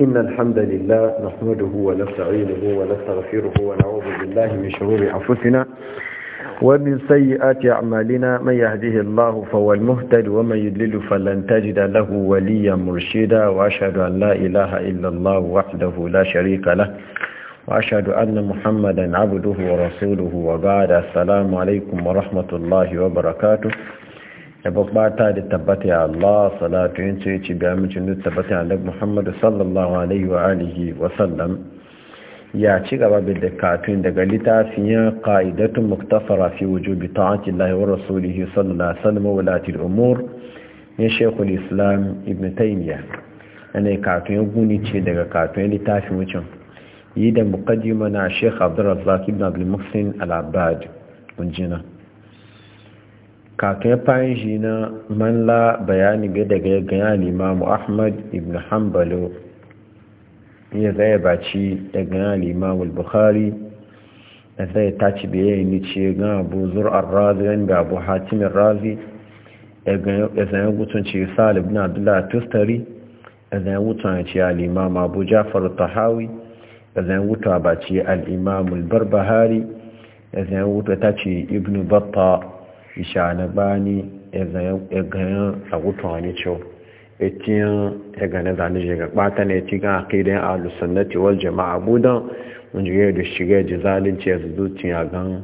إن الحمد لله نحمده ونستعينه ونستغفره ونعوذ بالله من شرور أنفسنا ومن سيئات أعمالنا من يهده الله فهو المهتد ومن يدلل فلن تجد له وليا مرشدا وأشهد أن لا إله إلا الله وحده لا شريك له وأشهد أن محمدا عبده ورسوله وبعد السلام عليكم ورحمة الله وبركاته yabo bata da tabbata ya Allah salatu yin ce ci biya mucin da tabbata ya Allah Muhammadu sallallahu alaihi wa alihi wa sallam ya ci gaba da katun daga littafin ya qa'idatun muktasara fi wujubi ta'ati Allah wa rasulihi sallallahu alaihi wa sallam wa latil umur ne Sheikhul Islam Ibn Taymiyyah ana katun ya guni ce daga katun littafin wucin yi da muqaddima na Sheikh Abdurrazzaq ibn Abdul Muhsin Al-Abbad Jina. kakin fahimshi na manla bayani bai daga ganyan limamu ahmad ibn hanbalo ya zai baci da ganyan limamu bukhari da zai taci biyayi ni ce gan abu zur'ar razi yan ga abu hatimin razi ya zai gutun ce salib na abdullahi tustari ya zai gutun ce al'imamu abu jafar tahawi ya zai gutun baci al'imamu barbahari ya zai gutun ta ce ibn batta ishana bani egayen tsagutun wani cewa etiyan egane zane shiga ɓata na eti gan akidan alusunnati wal jama'a budan wanda ya da shiga ji zalunci ya zuciya gan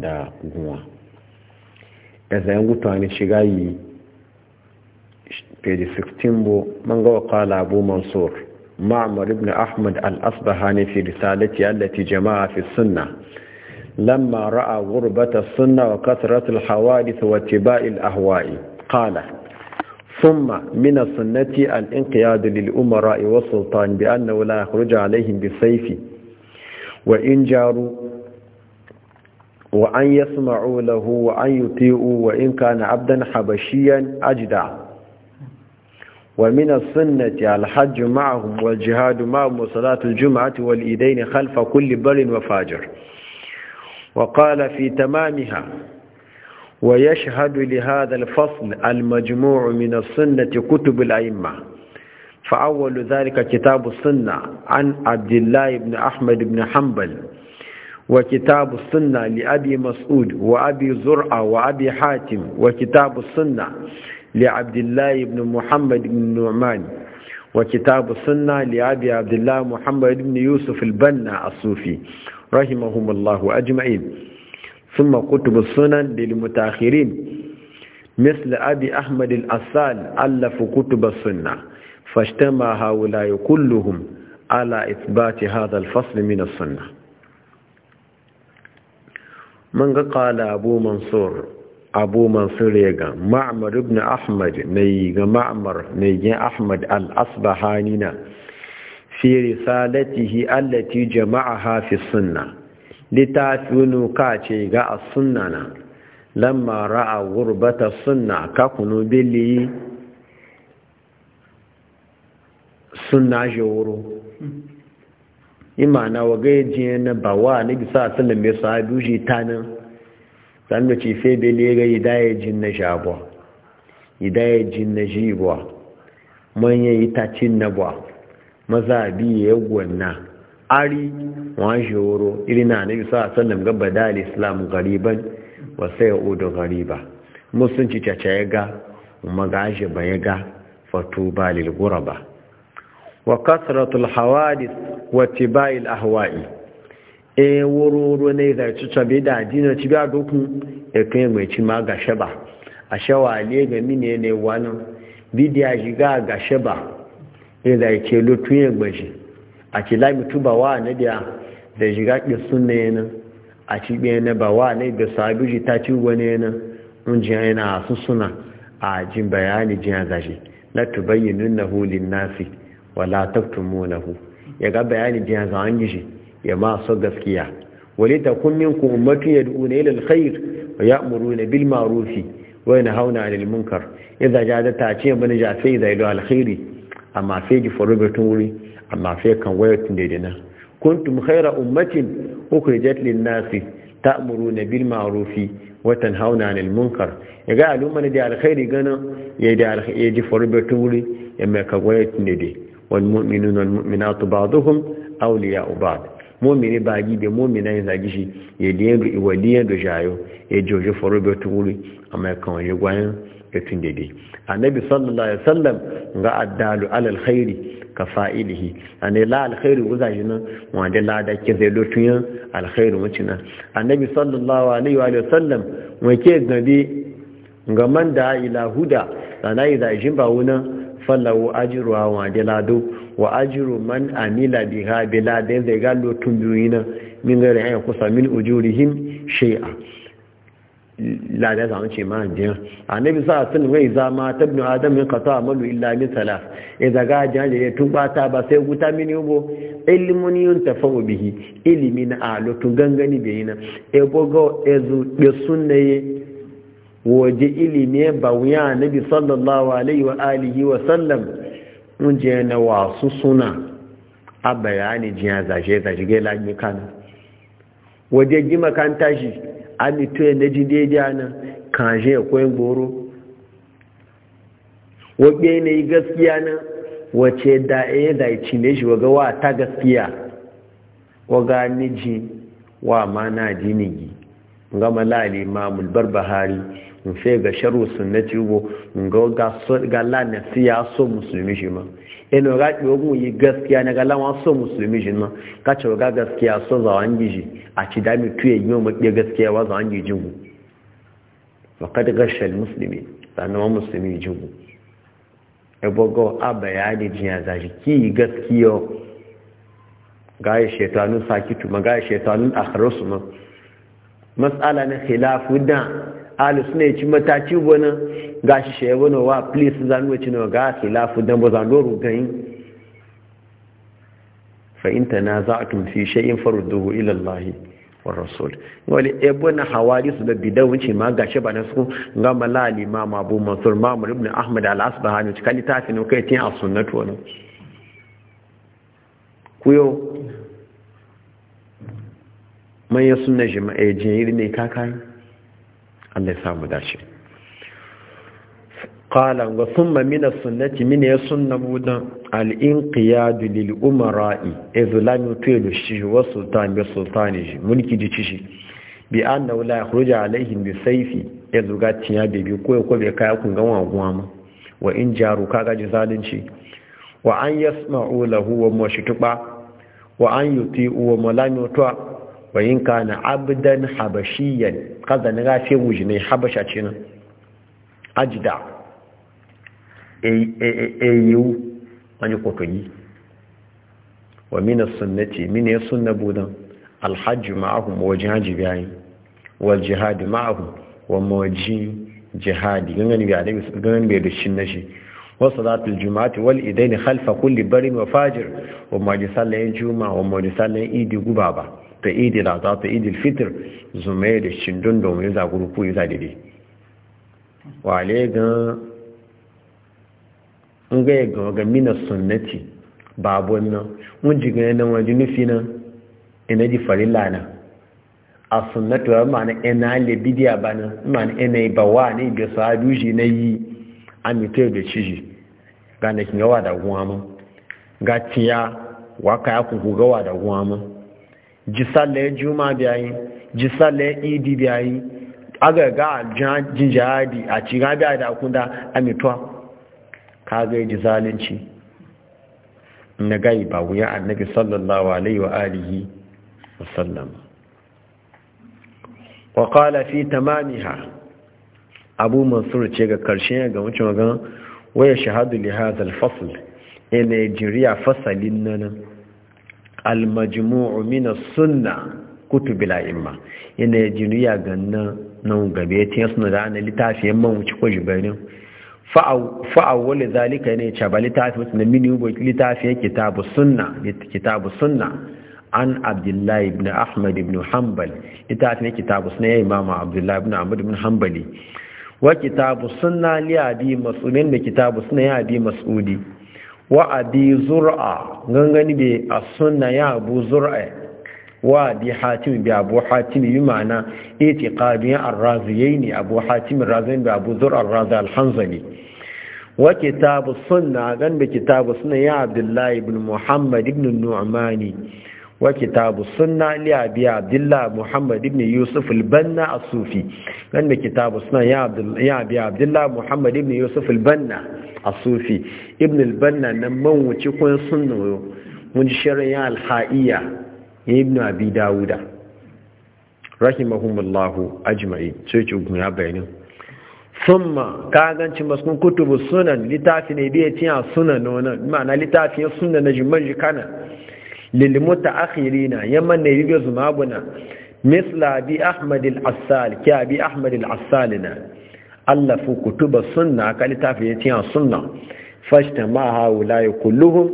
da guwa ezayen gutun wani shiga yi page 16 bu man gawa kala abu mansur ma'amar ibn ahmad al-asbahani fi risalati allati jama'a fi sunna لما رأى غربة السنة وكثرة الحوادث واتباع الأهواء قال ثم من السنة الانقياد للأمراء والسلطان بأنه لا يخرج عليهم بالسيف وإن جاروا وأن يسمعوا له وأن يطيعوا وإن كان عبدا حبشيا أجدع ومن السنة الحج معهم والجهاد معهم وصلاة الجمعة والإيدين خلف كل بر وفاجر وقال في تمامها ويشهد لهذا الفصل المجموع من السنة كتب الأئمة فأول ذلك كتاب السنة عن عبد الله بن أحمد بن حنبل وكتاب السنة لأبي مسعود وأبي زرعة وأبي حاتم وكتاب السنة لعبد الله بن محمد بن نعمان وكتاب السنة لأبي عبد الله محمد بن يوسف البنا الصوفي rahimahumullahu ajma'in ثم كتب السنن للمتاخرين مثل أبي أحمد الأسال ألف كتب السنة فاجتمع هؤلاء كلهم على إثبات هذا الفصل من السنة من قال أبو منصور أبو منصور يقى معمر بن أحمد نيقى معمر نيقى أحمد الأصبحانينا fi risalatihi allati jama'aha fi sunna litafinu ka ce ga as-sunna na lamma ra'a gurbata sunna ka kunu billi sunna jawuru imana waga jiyan na bawa ne bisa sunna mai sa duji tanan dan da ce fe bele ga idaye jin na jabwa idaye jin na jibwa manyan itacin na bwa maza ya gwanna ari wa shoro na nabi sallallahu alaihi wasallam ga badal islam gariban wa sayudu gariba musunci caca ga magashi bayaga fatuba lil ba. wa kasratul hawadith wa tibail ahwa'i e wororo ne da ci be da dina ci ba dokun e kan mai ci ma ga shaba a shawale ga mine ne wani bidiya shiga ga shaba. ne da ya ce lutun ya gbashi a ci lami tuba wa na biya da shiga ƙi sunna yana a ci biya na ba wa na da sabi ji ta ci wani yana in ji yana su suna a jin bayani jiya zashi na tubayyinun na hulin nasi wala taktumu na hu ya ga bayani jiya za an gishi ya ma so gaskiya wale ta kun minku ummatu yad'una ila khair wa na bil marufi wa hauna 'anil munkar ya jada ta ce mun ja sai da ila alkhairi amma sai ji faru batun wuri amma sai kan wayar tun daidai na kuntum khaira ummatin ukhrijat lin nasi ta'muruna bil ma'rufi wa tanhauna 'anil munkar yaga al'umma da alkhairi ganin ya da alkhairi ji faru batun wuri ya mai kan wayar tun daidai wal mu'minuna wal mu'minatu ba'dhum awliya'u ba'd mumini bagi da mumina ya zagi shi ya diyan da iwaliyan da ya jojo faru batun wuri amma kan wani gwayan ya tun daidai annabi sallallahu alaihi wasallam ga addalu alal khairi ka fa'ilihi ane la wuza guzaji wa wanda la da ke zai lotun yan alkhairu wucin nan annabi sallallahu alaihi wa sallam ke gabe ga man da ila huda sana yi zajin ba wunan ajru wa a la do wa ajru man amila biha bila da zai ga lotun biyu min gari ya kusa min ujurihim shay'a lada zama ce ma jiyan nabi sa sun wai zama ta bin adam min qata amalu illa min salas idza ga da ya tubata ba sai guta mini ubo ilmun yuntafu bihi a alutu gangani bayina e bogo ezu de sunnaye waje ilimi ba wuya nabi sallallahu alaihi wa alihi wa sallam mun je na wasu suna a bayani jiya zashe zashe ga lagin kan waje ji makanta shi amito ya naji daidai ana kaje ya koyin goro wabe ne yi gaskiya nan wace da ya da ya shi waga wa ta gaskiya waga niji wa ma na dinigi ga malali mamul barbahari in fe ga sharu sunnati ubo ga ga la ya so musulmi shi ma ina ga ɗiwogun yi gaskiya na ga lawan so musulmi shi nan ka ce ga gaskiya so zawan gishi a ci dami tuye yi mu ɗiya gaskiya wa zawan gijin mu wa kada gashal musulmi sanuwa musulmi jin mu ebogo a bayani jiya za shi ki yi gaskiya ga ya shetanun sakitu ma ga ya shetanun akharasu ma mas'ala na khilafu da ahlus sunna ya ci mataci wani shi shaye wani wa please zan wuce na ga khilafu dan ba zan doru gayin fa in tanaza'tum fi shay'in faru ila Allah Wa rasul wali ibn su da bidawun ce ma gashi ba na su ga ma ma Abu Mansur mu ibn Ahmad al-Asbahani cikin ne kai tin as-sunnatu ku kuyo manyan sunna jima'a jiyar ne kakai Allah ya samu dace qala wa thumma min as-sunnati min yasunna mudan al-inqiyad lil umara'i izlamu tuilu shi wa sultan bi sultanihi mulki di shi. bi anna la yakhruja alaihin bi sayfi yazuga tiya be bi ko ko be kaya kun ga waguwa ma wa in jaru ka ji zalunci wa an yasma'u lahu wa mashtuba wa an yuti'u wa malamutwa wayin na abdan habashiyan kaza na gafe wuji ne habasha ce nan ajida au wani kotoyi wa mina sunnati mina ya sunna budan alhaji ma'ahum wajen haji bayan wal jihadi ma'ahum wa mawajin jihadi gangan bai da shi. biya da shin nashi wa salatul juma'ati wal idaini khalfa kulli barin wa fajir wa majisalayen juma'a wa majisalayen idi guba ba. ta idi da ta ta idil fitr zume da shindun da mu za guruku yi za dide wale ga in ga ga ga mina sunnati babon nan mun ji gani nan wajen nufi nan ina ji farilla na a sunnatu ya ma'ana ina le bidiya ba nan ma'ana ina ba wa ne ga sa'adu shi na yi amitai da shi ga na kin yawa da guwa mun ga tiya wa ka ya kuku gawa da guwa mun ji juma biyayi ji sallah idi biyayi aga ga jin jihadi a ci ga biya da kunda amituwa ka ga ji zalunci na gai ba wuya annabi sallallahu alaihi wa alihi wasallam wa qala fi tamamiha abu mansur ce ga karshen ga wucin wagan waya shahadu li hadha al-fasl ina jiriya fasalin nan almajmu'u min as sunnah kutub al-a'imma yana jinuya ganna nan gabe ta sunna da na litafiyan man wuce ko jibarin fa wal zalika ne cha ba litafiyan sunna min yubo litafiyan kitabu sunna kitabu sunna an abdullahi ibn ahmad ibn hanbal litafiyan kitabu sunna ya imam abdullahi ibn ahmad ibn hanbali wa kitabu sunna li abi mas'udin da kitabu sunna ya abi mas'udi wa abi zur'a gangani be a sunna ya abu zur'a wa abi hatim bi abu hatim bi ma'ana itiqadiyan ar-raziyaini abu hatim ar-raziyaini bi abu zur'a ar-razi al-hanzali wa kitabu sunna gan be kitabu sunna ya abdullahi ibn muhammad ibn nu'mani وكتاب السنة لأبي عبد الله محمد بن يوسف البنا الصوفي لأن كتاب السنة يا أبي عبد الله محمد بن يوسف البنا الصوفي ابن البنا نمو وتكون سنة منشر يا الحائية ابن أبي داود رحمهم الله أجمعين سيتشوفوا يا بينهم summa ka ganci masu kutubu sunan littafi ne biya tiya sunan wannan ma'ana littafin sunan na jiman jikana lilmuta akhirina yamma ne yi zuma abuna misla bi ahmad al-assal kya bi ahmad al-assalina allafu kutuba sunna ka litafi ya tiyan sunna fashta ma haula kulluhum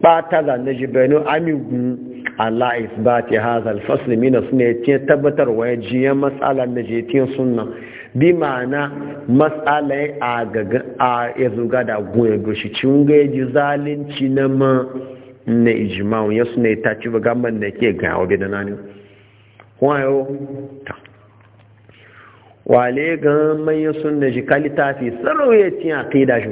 bata za na jibenu amigu ala isbati hadha al-fasl min sunna ya tabbatar wa jiya mas'ala na je tiyan sunna bi ma'ana mas'ala a gaga a ya zuga da goyen cin gaji zalunci na ma na ijimawun ya suna yi taci ba gamban da ke ga obi da nani wayo ta wale gama manyan suna shi kalitafi sarauye cin aƙida shi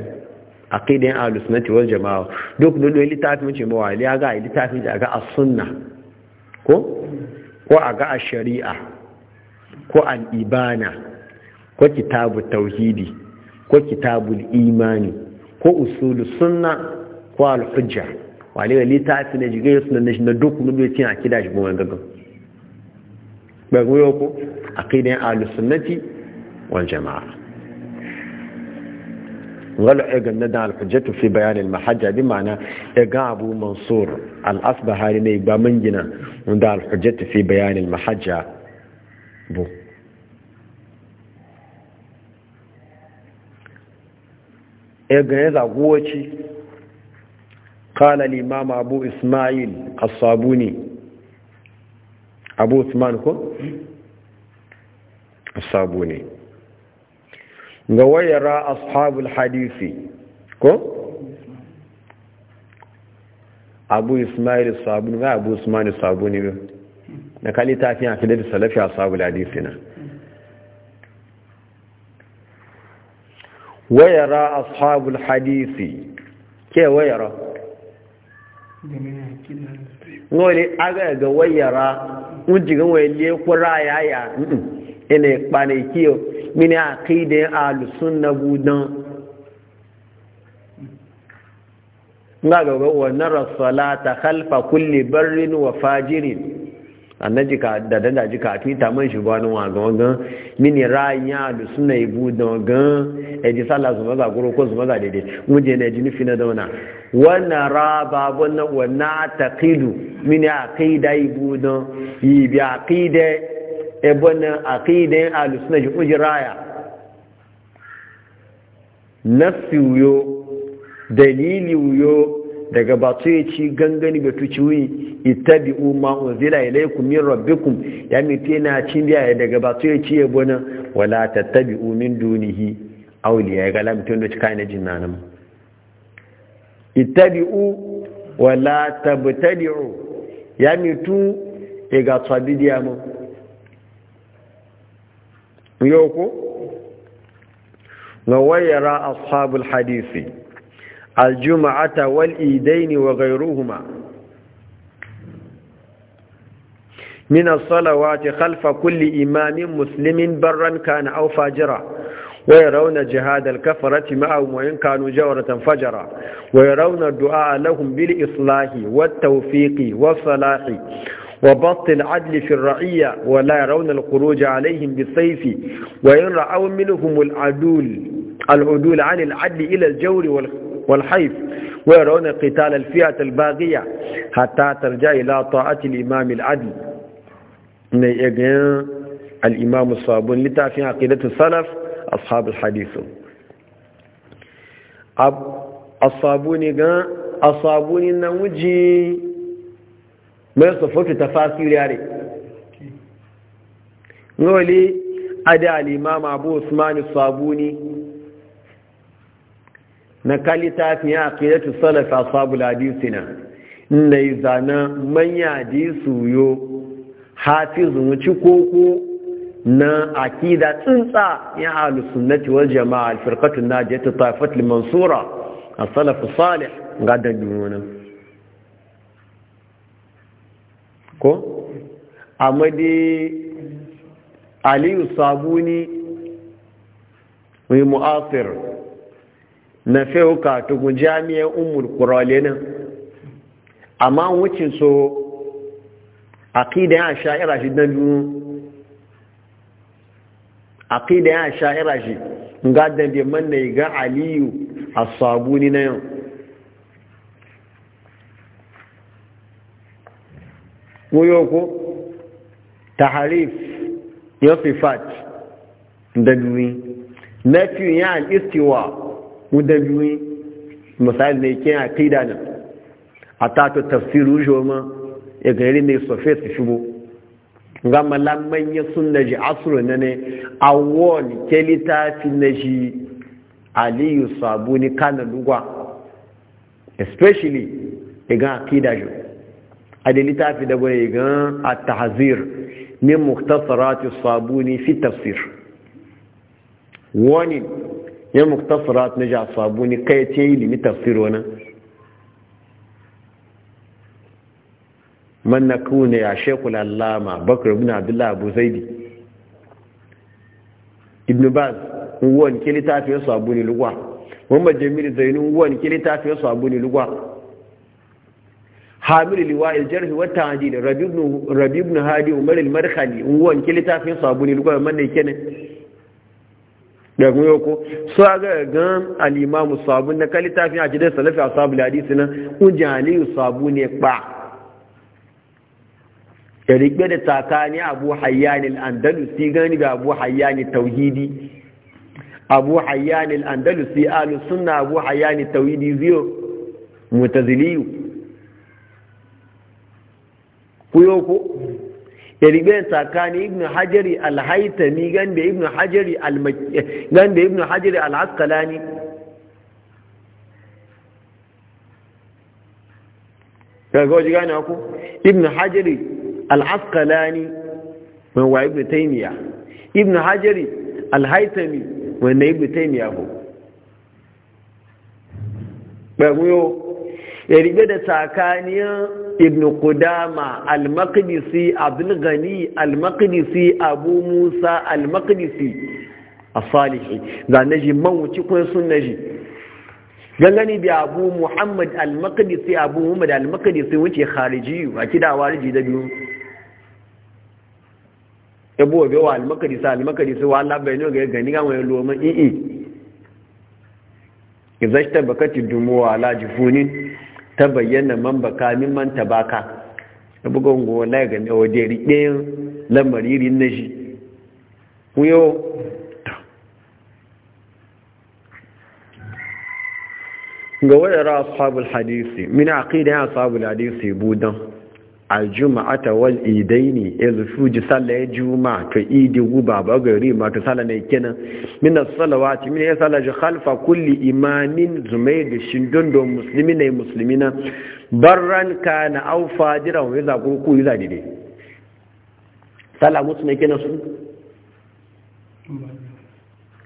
aƙida yin alus na tiwar jama'a duk da ɗoyi littafin ce ma wale ya ga a littafin da ga a sunna ko ko a ga a shari'a ko al-ibana, ko kitabu tauhidi ko kitabul imani ko usulu sunna ko al wani wani tafi na jirgin yasu na nashin na duk wani mai cin a kida shi kuma gaggan bai goyo ku a kidan alusunati wani jama'a wala egan na dan alfajjatu fi bayanin mahajja bi mana ega abu mansur al'asbahari na igba min gina wanda alfajjatu fi bayanin mahajja bu egan ya zagowaci قال الإمام أبو إسماعيل الصابوني أبو عثمان الصابوني نويرا أصحاب الحديث كو أبو إسماعيل الصابوني أبو إسماعيل الصابوني نكالي تافين عقيدة يا أصحاب الحديثنا ويرى أصحاب الحديث كي ويرى ngole aga ga wayara mun jigin waye le kura yaya ene kpane kiyo mini aqide ahlus sunna budan nga ga wannan salata khalfa kulli barrin wa fajirin annaji ka da dala ji ka ta man shi gwanu wa gan, wangan mini ranya da suna ibu da wangan e ji sala su maza guru ko su maza daidai muje ne ji nufi na wana wana ra ba wana wana taqidu mini aqida ibu da yi bi aqida e bona aqida ahlus suna ji uji raya nasiyo dalili yo daga ba su ya ci gangani ba tuci wi ittabi'u ma unzila ilaykum min rabbikum ya mi yana cin biya daga ba su ya ci ya bona wala tattabi'u min dunihi auliya ya gala tun da cika Ita bi u, wala u ya mi ya e tsabi tsabidiya mu yoko ga wayara ashabul hadisi الجمعة والإيدين وغيرهما من الصلوات خلف كل إمام مسلم برا كان أو فاجرا ويرون جهاد الكفرة معهم وإن كانوا جورة فجرا ويرون الدعاء لهم بالإصلاح والتوفيق والصلاح وبط العدل في الرعية ولا يرون الخروج عليهم بالسيف وإن رأوا منهم العدول العدول عن العدل إلى الجور والحيف ويرون قتال الفئة الباغية حتى ترجع إلى طاعة الإمام العدل نيجن الإمام الصابون لتعفي عقيدة السلف أصحاب الحديث أب الصابوني قال الصابوني نوجي ما يصفوك تفاصيل ياري نولي أدى الإمام أبو عثمان الصابوني na kalita fi ya aqidatu salaf ashabul na yi zana manya hadisu suyo hafizu wuci koko na akida tsuntsa ya ahlus sunnati wal jamaa al firqatu najiyatu taifat al mansura as salih ga da dunona ko amadi aliyu sabuni mai mu'asir na fewu ka tugun jami'ar umar kurale amma wucin so aqidan ya sha'ira shi dan biyu aqidan ya sha'ira shi ga dan bi man ne ga aliyu as-sabuni na yau koyo ko taharif ya sifat da duwi nafi ya al-istiwa muda biyu misali ne ke a da nan a ta to tafsiru ma ya gari ne sofe su shigo Nga malamman ya sun na ji asuru na ne a wani ke littafi na ji aliyu sabu ni kana lugwa especially igan da jo a da littafi da bai igan a tahazir min sabu sabuni fi tafsir warning يا مختصرات نجا صابوني قيتي لي متغفرونا من نكون يا شيخ العلامة بكر بن عبد الله أبو زيد ابن باز وان كلي تعرف صابوني لغوا وما جميل زين وان كلي تعرف صابوني لغوا حامل لواء الجرح والتعديل ربيب بن ربيب بن هادي عمر المرخلي وان كلي تعرف صابوني لغوا من كنه da kuma yau su a ga gan alimamu sabu na kan littafin a jidai salafi a sabu hadisi na ujin aliyu sabu ne pa da rikbe da takani abu hayyani andalusi gani ga abu hayyani tauhidi abu hayyani andalusi alu sunna abu hayyani tauhidi ziyo mutaziliyu ku yau ribe tsakani ibn hajari al-haitami ganda ibn hajari al ganda ibn hajari al-asqalani kaga waje gane ku ibn hajari al-asqalani mai wa ibn taymiya ibn hajari al-haitami wanda ibn taymiya ko ba mu yo ya ribe da tsakaniyar ibn kudama al-maqdisi gani al-maqdisi abu musa al-maqdisi a salihi ga na ji mawuci kun sun na ji gangani bi abu muhammad al-maqdisi abu muhammad al-maqdisi wuce khariji a kida wariji da biyu yabo wa al-maqdisi al-maqdisi wa Allah bai ga gani ga wani loma i'i izashta bakati dumuwa ala jifunin ta bayyana man baka min man tabaka da bugun go ga ne da riɗe lamari na shi kuyo ga ashabul hadisi min aqida ashabul hadisi budan aljuma'ata wal idaini ilfuji sallah juma ka idi guba ba gari ma to sallah ne kenan min as-salawati min ya sallah khalfa kulli Imanin, zumaid shindon do muslimin ne muslimina barran kana aw Fadira, wa za ku ku za dide sallah mutu ne kenan su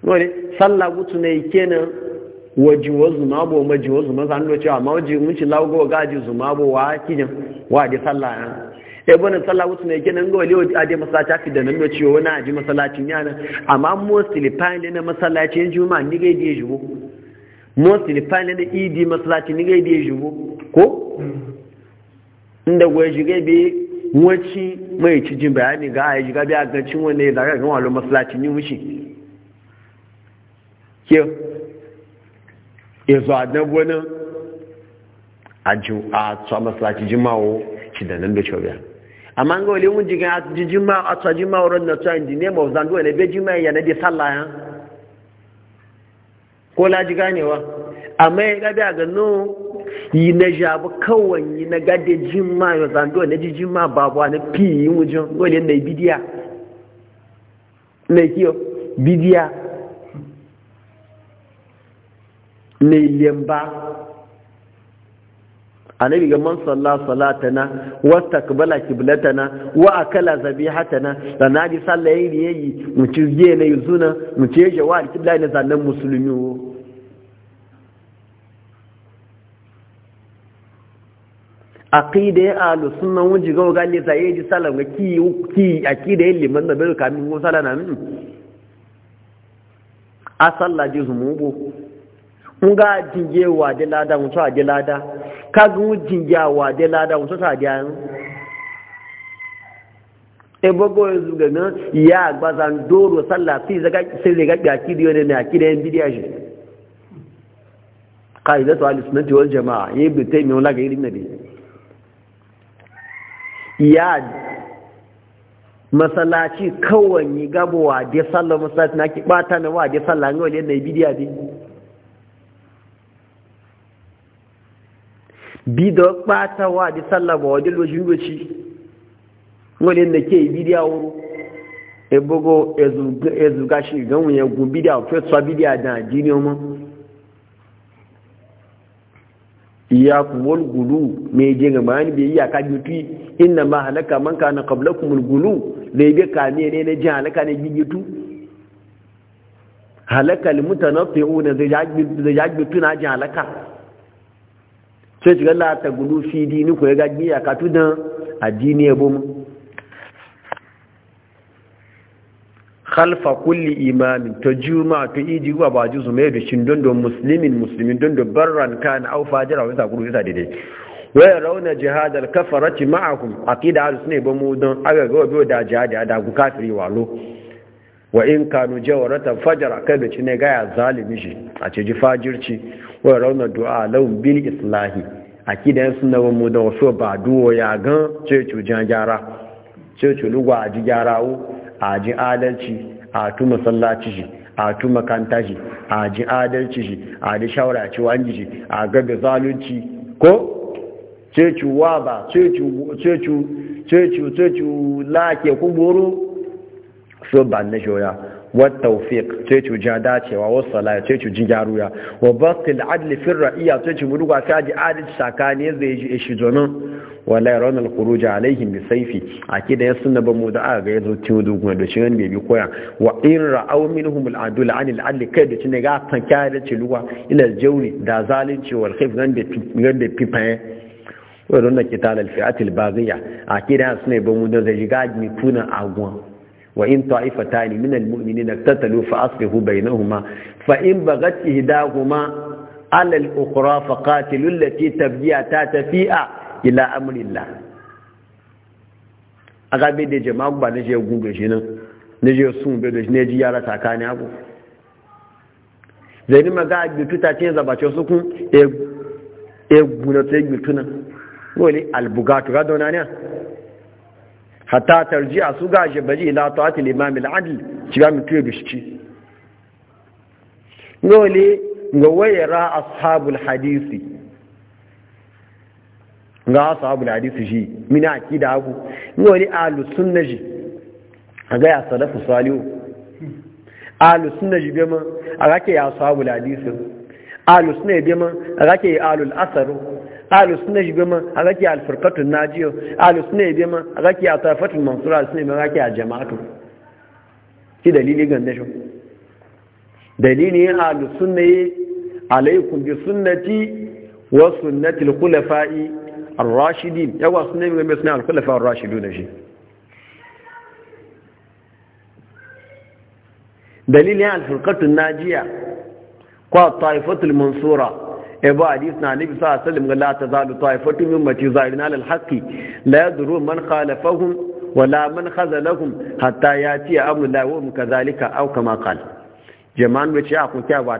wani sallah mutu ne kenan waji wa zuma bo ma jiwo zuma san lokaci amma waji mun ci ga ji zuma bo wa kijin wa da sallah ya eh. e eh, bonin sallah wasu ne kenan ga wali waje masallaci fi da nan wani aje masallacin yana amma mostly fine na masallacin juma'a ni ga je jibo mostly fine na idi masallacin ni ga je jibo ko inda goye shiga bi mai cijin bayani ga shiga a wanda ya zaga kan walo masallacin yi izu adan wani a tsa masalaci jimawo ci da nan da cewa amma an wale mun jikin a jimawo a tsa jimawo ran na tsa indi ne ma wuzan duwane bai jimawo yana na dai ya ko laji ganewa amma ya gabi a gano yi na jabu kawai yi na gade jimawo ya duwane ji jimawo babuwa na fiye yi wujin wale na bidiya na kiyo bidiya ne lemba annabi ga man salla na wa takbala kiblatana wa akala zabihatana sana di salla da ya yi, mu ci na yi zuna, mu ci je wa kibla na zannan musulmi wo aqida ya alu sunna wuji ga ga ne sai di salla ga ki ƙi aqida ya liman da bai kamin go salla na min a salla ji zumubo nga jinje wa de lada mun a aje lada ka gun jinje wa de lada mun so ta aje an e bogo yanzu ga nan ya agbazan doro sallah sai zaga sai zaga ga dio ne na kidi bidia ji qaida to al-sunnati wal jamaa ibn mi wala ga irin nabi ya masalaci kawai gabowa de sallah masallaci na ki bata na wa de sallah ne wale na bidiya bi bi da ɓata wa di sallah ba wajen lojin loci wani da ke bidiya wuru e bugo e zuga e shi gan wuya gu bidiya ko tsa bidiya da jini mu iya kumul gulu me je ga bayani bi iya ka jutu inna ma halaka man kana qablakumul gulu zai bi ka ne ne jin halaka ne gigitu halaka al mutanaffi'una zai na zai jagbi tuna jin halaka sai shiga lata gudu fi dini ku ya gaji ya katu don addini ya bumu khalfa kulli imamin ta juma ta iji wa ba ji mai da shin don don musulmin musulmin don don barran kan au fajira daidai waya rauna jihadar kafarati ma'akum aqida ahlus sunna ba mu don aga da jihadi da ku kafiri walo wa in kanu jawaratan fajara kai da gaya zalimi shi a fajirci wa du'a lahum bil islahi akidan suna wa muda wasu ba duwo ya gan cecu jan gyara cecu lugwa a ji gyara wu a ji adalci a tu masallaci shi a tu makanta shi a ji adalci shi a ji shawara ci wani shi a gaba zalunci ko cecu wa ba cecu lake kuburu so ba na shoya والتوفيق تيجو جاداتي والصلاة تيجو جنجارويا وبسط العدل في الرئية تيجو مدوغا فاجي عادل ساكاني زيجي إشجنون ولا يرون الخروج عليهم بسيفي أكيد يسن بمودعا غيزو تيودوغ ودوشين بيبي كويا وإن رأوا منهم العدل عن العدل كيدو تنغا تنكاري تلوا إلى الجوري دازالي والخيف غنبي بيبان wadanda ke talar fi'atil baziya a kira su ne ba mu da zai shiga mituna aguwa وإن طائفتان من المؤمنين اقتتلوا فأصلحوا بينهما فإن بغت إهداهما على الأخرى فقاتلوا التي تبغي تاتفيء إلى أمر الله agabe da jama'a ba na je gun da shi nan je sun be da shi ne ji yara tsakani abu zai maga gbitu ta ce zaba ce su kun e, e albugatu ga dona ne hatta tarjiya su gaje baji ila ta'ati al-imam al-adl cewa mutu ya shi ngole ga wayara ashabul hadisi ga ashabul hadisi shi min akida abu ngole ahlus na ji ga ya salafu salihu ahlus na ji bema aga ke ya ashabul hadisi ahlus ji bema aga ke ahlul asaru ahlu sunna shi bima a zaki alfirkatun najiyo ahlu sunna ya bima a zaki a tafatun mansura sunna ya zaki a jama'atu ki dalili ganda shi dalili ya ahlu sunna yi alaikum bi sunnati wa sunnati alkulafa'i khulafai ya kwa yawa sunna bima sunna al-khulafa ar-rashidun shi dalili yin na najiya ko taifatul mansura ebo eh, hadis na nabi sallallahu alaihi wasallam la tazalu ta'ifatu min ummati zahirina haqqi la yadru man khalafahum wala man khazalahum hatta yati amru la wa kazalika aw kama qala jama'an a ah, kun kyawa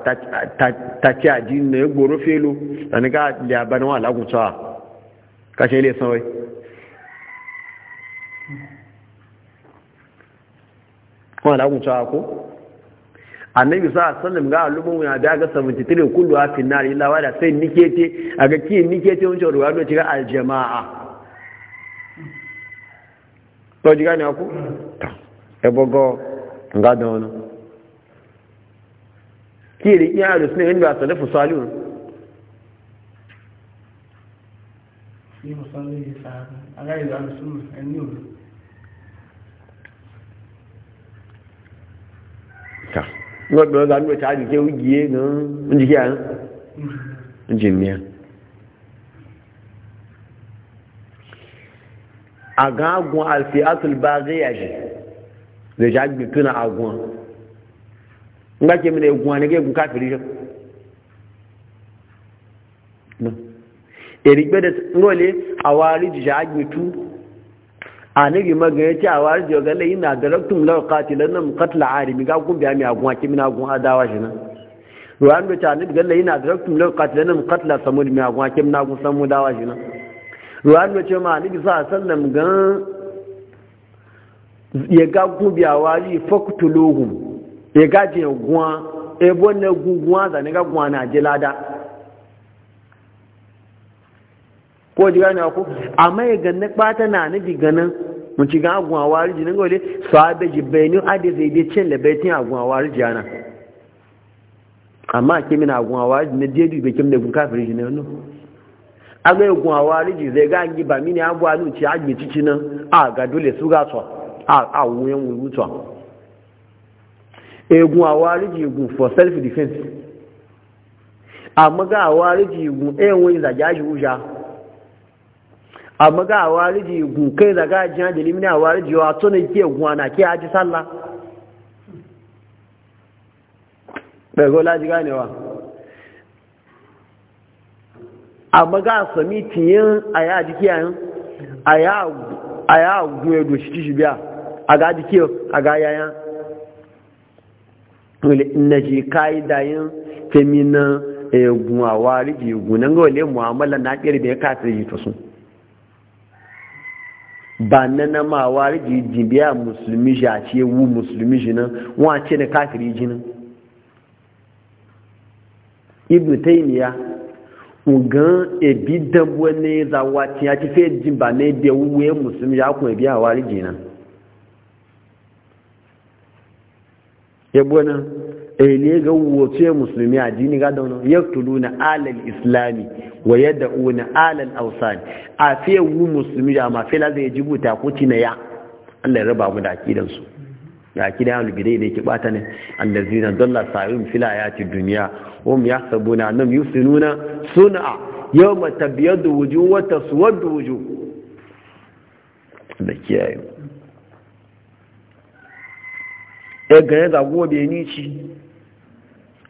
ta ci addini ne goro felo wa wa ko annabi sa sallam ga alubun ya da ga 73 kullu a finnar illa wala sai nikete a ga ki nikete wancan ruwa do cika aljamaa to ji gani aku e bogo nga da wono ki ri ya da sunan inda salafu salihun ni musallin sa ga da sunan annabi ta wọ́n bẹ̀rẹ̀ ọ̀dà ní ọ̀tá àdìjẹ́ ògìyẹ ń jìkẹ́ àrùn ń jì ní à. àti àtúlùbá ríyàjì lè ṣe àgbètò náà agun nígbà egun àníkẹ́ egun káfìrí yọ. èrìgbẹ́dẹ̀ ń wọlé àwa àríjìṣà àgbètò anabi magana ce a wari jiyo ga lai na daraktun lau katilan nan katla arimi ga kun biya mai agun haki mina agun adawa shi nan ruwan da ta anabi ga lai na daraktun lau katilan nan katla samud mai agun haki mina agun samu dawa shi nan ruwan da ce ma anabi sa sallam gan ya ga kun biya wari fakutulohun ya ga jiyan guwa ebo na guguwa zane ga guwa na jelada ko ji gane ku amma ya ganna bata na nabi ganin mun ci ga agun awari jinin gole sahabe jibaini ade zai bi cin labaitin agun awari jana amma ke mina agun awari ne je dubi kim da gun kafiri jinin no aga agun awari ji zai ga ngi ba mini abu anu ci agbe cici nan a ga dole su ga so a a wuyen wuyu egun awari ji gun for self defense amma ga awari ji gun enwe za jaji uja amma ga awariji gun kai da ga jiya da limina awariji wa to ne ke gwana ke haji sallah daga laji ganewa amma ga sami yin a yi ji kiyayen a yi gun ya doshi shi biya a ga ji kiyo a ga yayan na ji kayi dayin femina egun eh, awariji gunan ga wale mu'amala na ƙirbe ka kasa yi ta sun Banana na na ma wari ji jibiya musulmi shi a ce wu musulmi shi nan wa ce na kafiri ji nan ibn taymiya ugan ebi dabuwa ne za ci ya ci fai jin ba na ebe wuwe musulmi ya kuma biya wari ji nan ebe nan Eh, ne ga wace musulmi addini ga da wani yaktulu na alal islami wa yadda alal ausan a fiye wu musulmi da ma fela zai ji buta ko na ya Allah ya raba mu da su da akidan ya lubide ne ki bata ne allazina dalla sa'im fil ayati dunya hum yahsabuna annam yusinuna sun'a yawma tabyadu wujuh wa taswadu wujuh da kiyaye e ga ya zago ni ci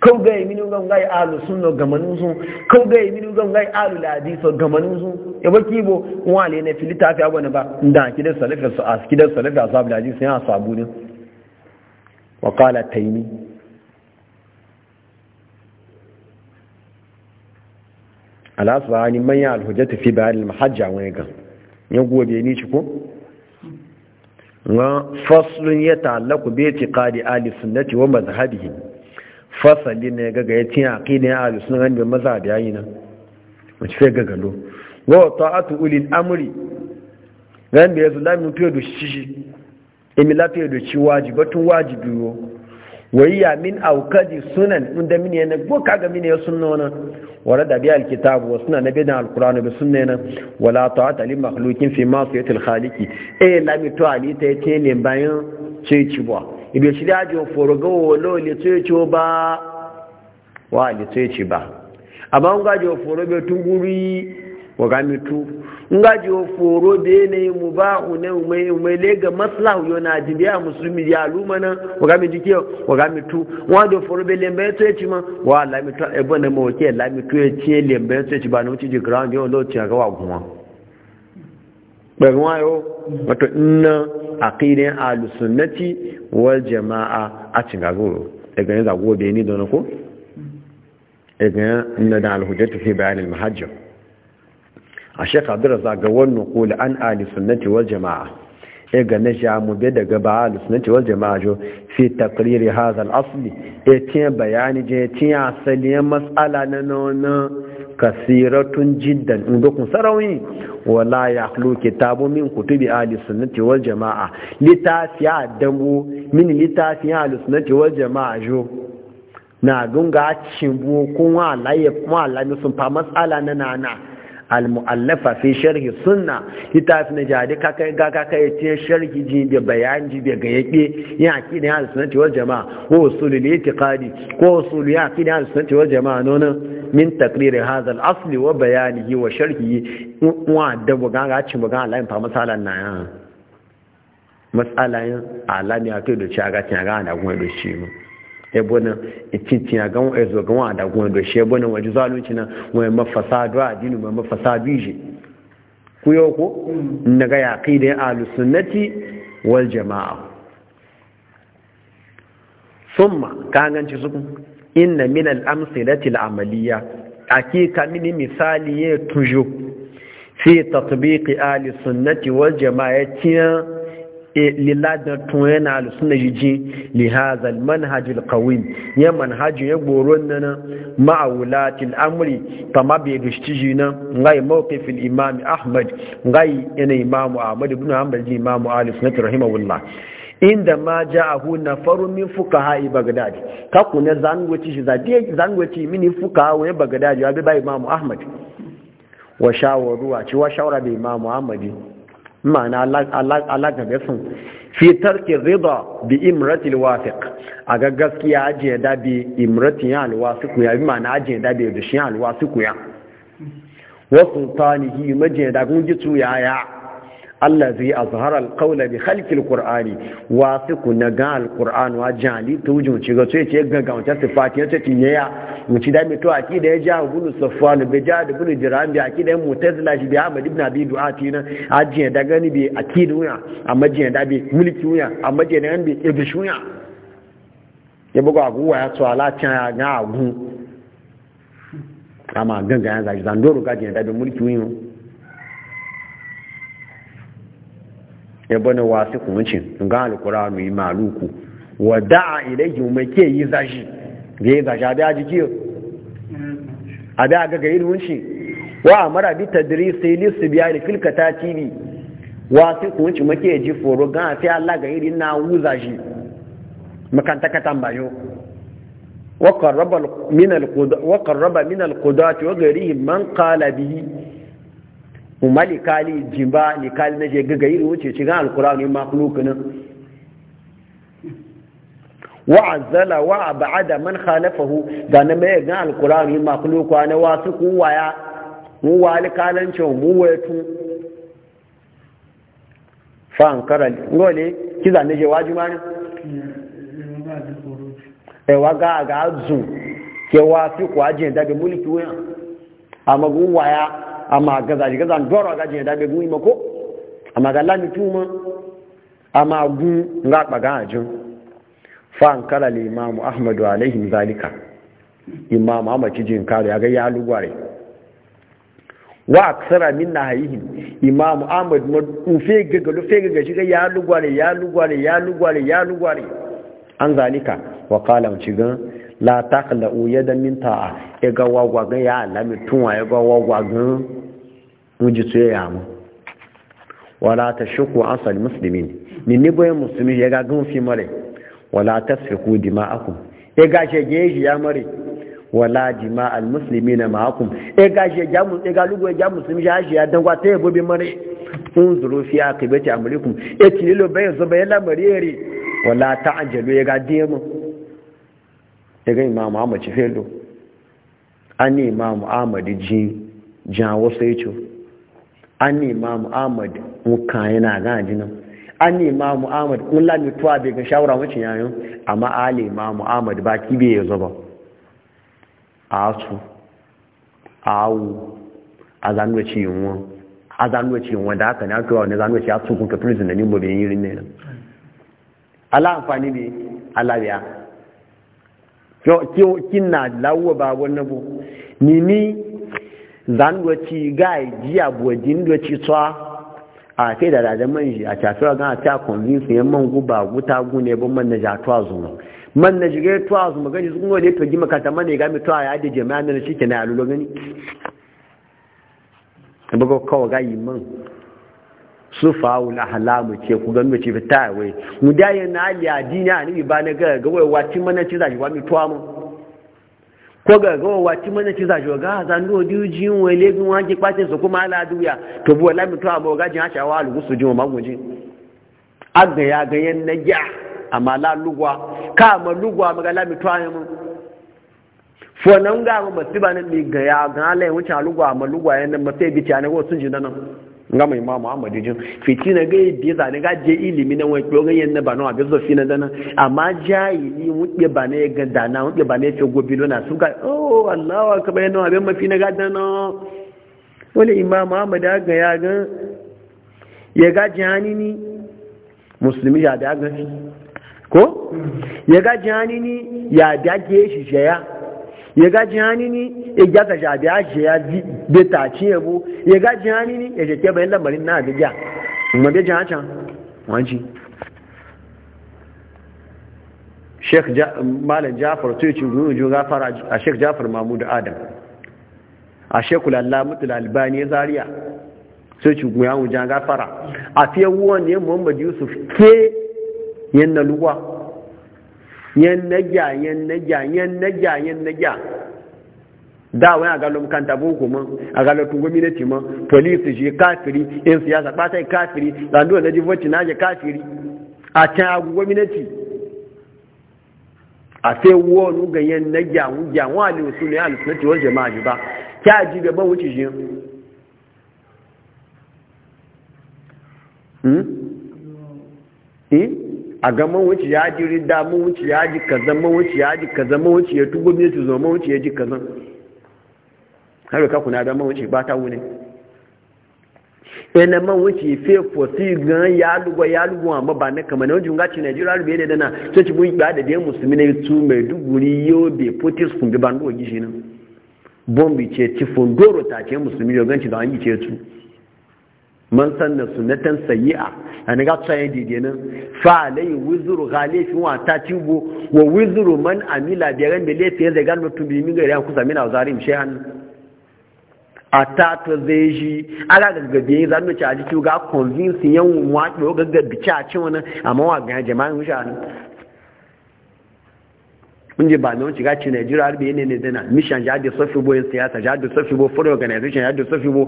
kau ga yi minu gan gai alu sunna gamanin sun kau ga yi minu gan gai alu ladisa gamanin sun ya baki bo wale na fili ta fi agwani ba da kidan salafi su as kidan salafi asab ladisa ya sabu ne wa qala taymi al-asbahani man ya al-hujjatu fi bayan al-mahajja wani gan ya gobe ni shi ko na faslun ya ta'allaku bi itiqadi ahli sunnati wa madhhabihim fasali ne gaga ya tiya aqida ya ahlus sunna maza da yayi nan wace sai gaga lo wa ta'atu ulil amri ran da yazo lamu to do shi emi la to do shi wajibatun wai ya min awkadi sunan inda min yana go kaga min ya sunna wana wala da biya alkitabu wa sunna nabi da alquran bi yana wala ta'ata lil makhluqin fi ma'siyati al khaliqi eh lamu to ali ta yace ne bayan ce ci ba ibe shi daji forogowo lo le tsoyo ba wa le tsoyo ba amma nga jo forobe tunguri wa tu mitu nga jo forobe ne mubahu ne umai umai le ga maslahu yona jibiya musulmi ya lumana wa ga mitu ke wa ga mitu wa jo forobe le mbe echi ma wa la mitu e bona mo ke la mitu e tie le mbe tsoyo ba no ti ground yo lo ti ga wa gunwa ɓarwayo wato ina aƙirin alusunnati wal jama'a a cingagoro daga yin zagowa bai ni donako daga yin ina da alhujjata fi bayan mahajjar a shekha dira zagawar nukuli an alusunnati wal jama'a e ga na mu bai daga ba alusunnati wal jama'a jo fi takriri hazal asli ya e tiyan bayani je tiyan asali matsala na nuna kasiratun jiddan in dokun sarawi wala ya khlu kitabu min kutubi ahli sunnati wal jamaa litafiya damu min litafiya ahli sunnati wal jamaa jo na dunga cimbu kuma laye kuma lami sun fa matsala na nana al-mu'allafa fi sharhi sunna litafi na jadi kaka ga kakai ce sharhi ji da bayan ji da gayyake ya akida ya sunnati wal jamaa ko usulul itiqadi ko usulul ya akida ya sunnati wal jamaa nonon min takrir hadha al-asl wa bayanihi wa sharhihi wa da buga ga ci buga Allah fa masalan na ya masalayin alami a kai da ci ga ci aga da kuma da shi mu e bona ititi aga e zo ga wa da kuma da shi e bona waje zalunci na wa mafasadu adinu ma mafasadu ji ku yo ko naga da ahlus sunnati wal jamaa summa ka ganci su inna min al-amsilati al-amaliya hakika mini misali ya tujo fi tatbiqi ahli sunnati wal jama'ati e liladan tun yana alusunna jiji li hadha al manhaj al qawim ya manhaj ya goron nan ma awlati al amri kama bi dushiji na ngai mawqif al imam ahmad ngai yana imam ahmad ibn hanbal ji imam ahli sunnati rahimahullah inda ma a ja'ahu farun min fuqaha bagdad ka na zangoci shi zade zangwaci mini fuka wa bagdad ya bi bai imamu ahmad wa shawarwa wa ci wa shawara bi imamu ahmad ma'ana Allah Allah sun fitar ki rida bi imrati alwafiq ga gaskiya aje da bi imrati alwafiq ya bi ma'ana ya da ya dushin alwafiq ya Wasu sultanihi maje majiyar gunji tuya ya Allah zai azhara alqawla bi khalqi alqur'ani wa fiku ga alqur'an wa jali to tuju ci ga ce ga ga wata sifati ta tinya mu ci da mito aki da ya ja gulu safwan be ja da gulu jiran bi aki mu'tazila bi ahmad ibn abi duati na ajiya da gani bi akida wuya amma jiya da bi mulki wuya amma jiya da bi ibishu wuya ya bugo buga wa ya ala tan ya ga agu amma ganga ya zaki zan doro ga jiya da bi mulki wuya ya bane wasu kuncin ga alkuranu yi maluku wa da'a ilayhi mai ke yi zashi ga yi zashi abi a jiki abi a gaga ilimin shi wa mara bi tadrisi lisbiyari fil katatibi wasu kuncin ke ji foro ga sai Allah ga irin na wuza shi makanta katan bayo wa qarraba min al wa qarraba min al wa man kala bihi umali likali jimba likali na je gaga iri wuce cikin alkurani makhlukunan wa'azala wa abada man khalafahu da na mai gan alkurani makhluka na wasu kuwaya mu wali likalancin mu wetu fa karal ngole kiza ne je waji mani e wa ga ga zu ke wa fi kwaje daga mulki wayan amma guwaya amma ga zaji ga zan dora ga jin da be gumi mako amma ga lami tuma amma gu nga ga ajin fa an kala li imam ahmad alayhi zalika imam ahmad jin kare ga ya lugware wa aksara min nahayihim imam ahmad mu fe ga lu fe ga shi ga ya lugware ya lugware ya lugware ya lugware an zalika wa qala mu ci la taqla yadan min ta'a ya ga wagwagan ya lami tun wa ya ga wagwagan muji tsoyayya mu wala ta shuku asal muslimin ni ne boye musulmi ya ga gun fi mare wala tasfiku dima'akum e ga shege shi ya mare wala dima'al muslimina ma'akum e ga shege mu e ga lugo ya musulmi ya shi ya dangwa ta yabo bi mare unzuru fi aqibati amrikum e tililo bayan zo bayan lamari wala ta'jalu ya ga mu. e ga imamu Amurci ci felo an ni imamu Ahmad jin jawo sai ciwo an nema mu'amad muka yana ga jinan an nema mu'amad kun lami tuwa bai ga shawara mace yayin amma ali ma mu'amad ba ki bai yazo ba asu awu azanu ci yunwa azanu ci yunwa da haka na tuwa ne azanu a asu kun ka prison da nimbo bai yirin ne ala amfani ne ala biya kin na lawo ba wani bu ni ni zanduwaci ga jiya buwajin ci tsawa a kai da rajen man shi a tafiya gan a ta convince yan man guba guta gune bin man na ja tuwa zuwa man na shiga tuwa zuwa gani sun gode to gima kata man ne gami tuwa ya da jami'a na shi ke na yalulo gani buga kawai gayi man su fa'ul halamu ce ku ga fita fitawai mu da yana ali adina ni ba na ga wacin wai wati mana ci zaki tuwa mu ko ga ga wati mana ci zajo ga zan do diu jin le bi waje pate so kuma ala duya to bu mi to abo ga jin hasha wa gusu jin ma magunji aga ya ga yan na ya amma la lugwa ka ma lugwa ma ga mi to mu fo nan ga ma masiba ne mi ga ya ga la wuce lugwa ma lugwa yan nan ma sai bi ci ne wo sun jin nan Ngama mai imamu ahmad jin fitina ga yadda zane ga je ilimi na wani kyo ganyen na banawa bai zofi na dana amma jahili wuɗe ba ne ga dana wuɗe ba ne ce gobe lona su ga oh allah wa ka bayan nawa bai mafi na ga dana wani imamu ahmad ya ga ya ga ya ga jihani ni musulmi ya da ga ko ya ga jihani ni ya da ke shi ya ya ga jihani ni ya gyaka shi abu ya ce ya ji bai tace yabo bu ya ga jihani ne ya shake bayan lamarin na abu ja kuma bai jiha can wanci sheikh malam jafar to yace gurin jo gafara a sheikh jafar mahmud adam a shekul allah mutul albani zaria sai ci guya mu jan gafara a fiye wuwan ne muhammad yusuf ke yan na luwa yan na ja yan na ja yan na ja yan na ja da wani galo makanta boko ma galo tun gwamnati ma polisi shi kafiri in siyasa ba sai kafiri zandu na jivoci na je kafiri a can agu gwamnati a sai wonu ganyen na gyanwu gyanwu ali usuli ali sunati wal jama'a ji ba kya ji ba wuce shi hmm eh hmm? a ga mawuci ya ji rida mawuci ya ji kaza mawuci ya ji kaza mawuci ya tu gwamnati zo mawuci ya ji kaza har ka kuna da mawuce ba ta wuni ina mawuce fe si gan ya lugo ya lugo amma ba na kamar wajen gaci Najeriya rube ne dana to ci mun ba da dai musulmi ne su mai duguri yobe potis kun bi ban do gishi nan bombi ce ci fondoro ta ce musulmi yo ganci da an yi ce su man na sunnatan sayyi'a an ga tsaye dide nan fa alai wuzuru ghalifin wa ta tibo wa wuzuru man amila da ran da lefe zai ga mutum bi min ga ran kusa mina zarim shehan a ta ta zai shi ala za mu ci a jiki ga convince yan waki ga gargabe ci a cin wani amma wa ga a mun je ba nan shiga ci Najeriya har bai ne ne dana mission ja da sofi bo siyasa ja da sofi bo for organization ja da sofi bo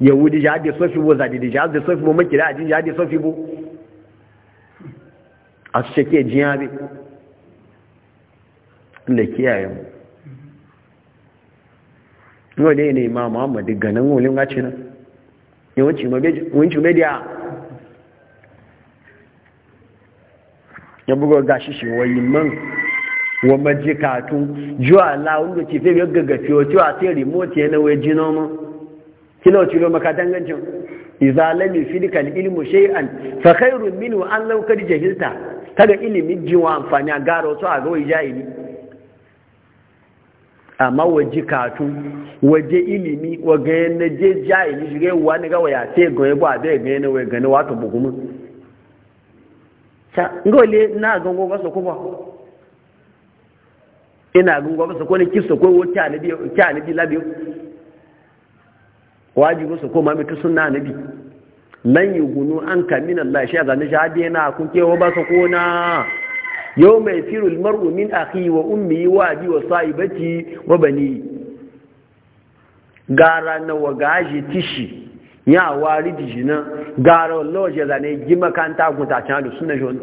yahudi ja da sofi bo zadidi ja da sofi bo makira ja sofi bo a jiya yau ne ne ma muhammadu ganin wulin gaci nan yawancin media ya buga gashi shi wayi man wa majikatun juwa la'un da ke fi ga gafi wa cewa sai remote yana wai jino ma kila wacce lo maka dangancin iza lami fi dukkan ilmu shay'an fa khairun minhu an law kad jahilta kaga ilimin jiwa amfani a gara wasu a ga jahili amma waje katu waje ilimi wa na je jahili shige wa ni ga waya te ganye ba da ganye na wai gane wato bugumin ta ngole na gango ba su kuma ina gango ba su ko ne kisa ko wata anabi ta anabi labiyo wajibi su koma mitu sunna anabi lan yugunu an kamina Allah shi azani shabi na kun kewa ba su na yau mai firul marumin min akhi wa ummi wa abi wa sahibati wa bani gara na wa gaji tishi ya wari dijina gara loje da ne gi makanta guta can da sunna jon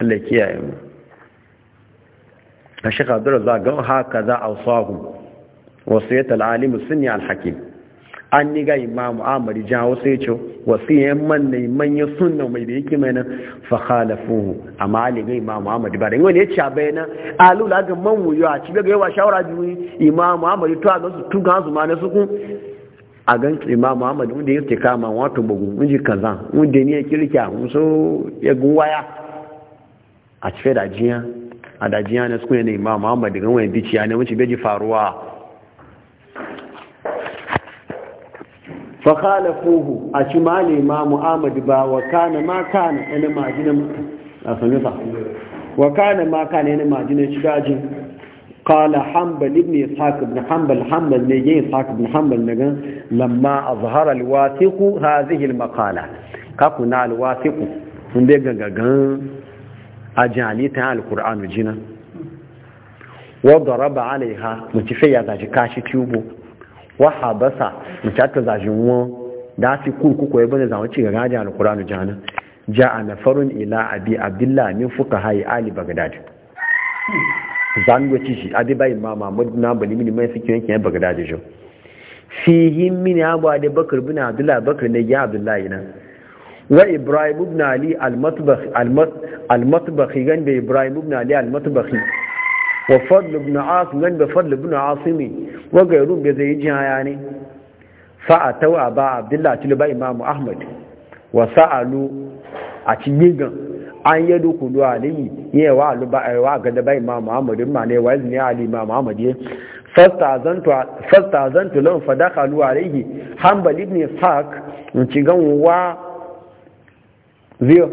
Allah kiyaye mu a shekha abdurrazzaq ga haka za awsahu wasiyat al-alim sunni al alhakim. an ni ga imamu amari jawo ya ce wasiyan man ne manyan sunna mai da yake mai nan fa khalafu amma aliga imam Muhammad ba dan wani ya ci abai nan alu la ga man wuyo a ci ga yawa shawara biyu imam Muhammad to ga su tuga su ma na su ku a gan imam Muhammad wanda yake kama wato bugu mun ji kaza wanda ne ya kirkiya mun so ya waya. a ci da jiya a da jiya na su ne imam Muhammad ga wani diciya ne mun ci beji faruwa fakhalafuhu a ci ma ne ma mu'amadu ba wa ma kana yana majinan mutum a sanyi ba wa kana ma kana yana majinan shidajin kala hambal ibn yasakub na hambal hambal ne yi yasakub na hambal na gan a zahara alwasiku ha zihi makala kaku na alwasiku sun dai a jani ta yi alkur'an jina wadda raba alaiha mutufai ya zaji kashi tubu wa habasa mutaka zajin won da fi ku ya bane zawon ci gaga da alkuranu jana ja'a nafarun ila abi abdullah min fuqaha ali bagdad zango ci shi abi bai ma mahmud na bali mini mai suke yankin bagdad jo fihi min abu da bakr bin abdullah bakr ne ya abdullah ina wa ibrahim ibn ali al matbakh al matbakh gan ibrahim ibn ali al matbakh wa fadlu ibn asim nan da fadlu ibn asimi wa gairun bai zai jin haya ne fa'atau aba abdullahi tilba imamu ahmad wa sa'alu a cigigan an yi dukulu aliyu yi wa alubawa ga da bai imamu ahmad ma ne wa izini ali imamu ahmad ya fasta zantu lan fadaka lu aliyu hanbali ibn fak, in cigan wa zai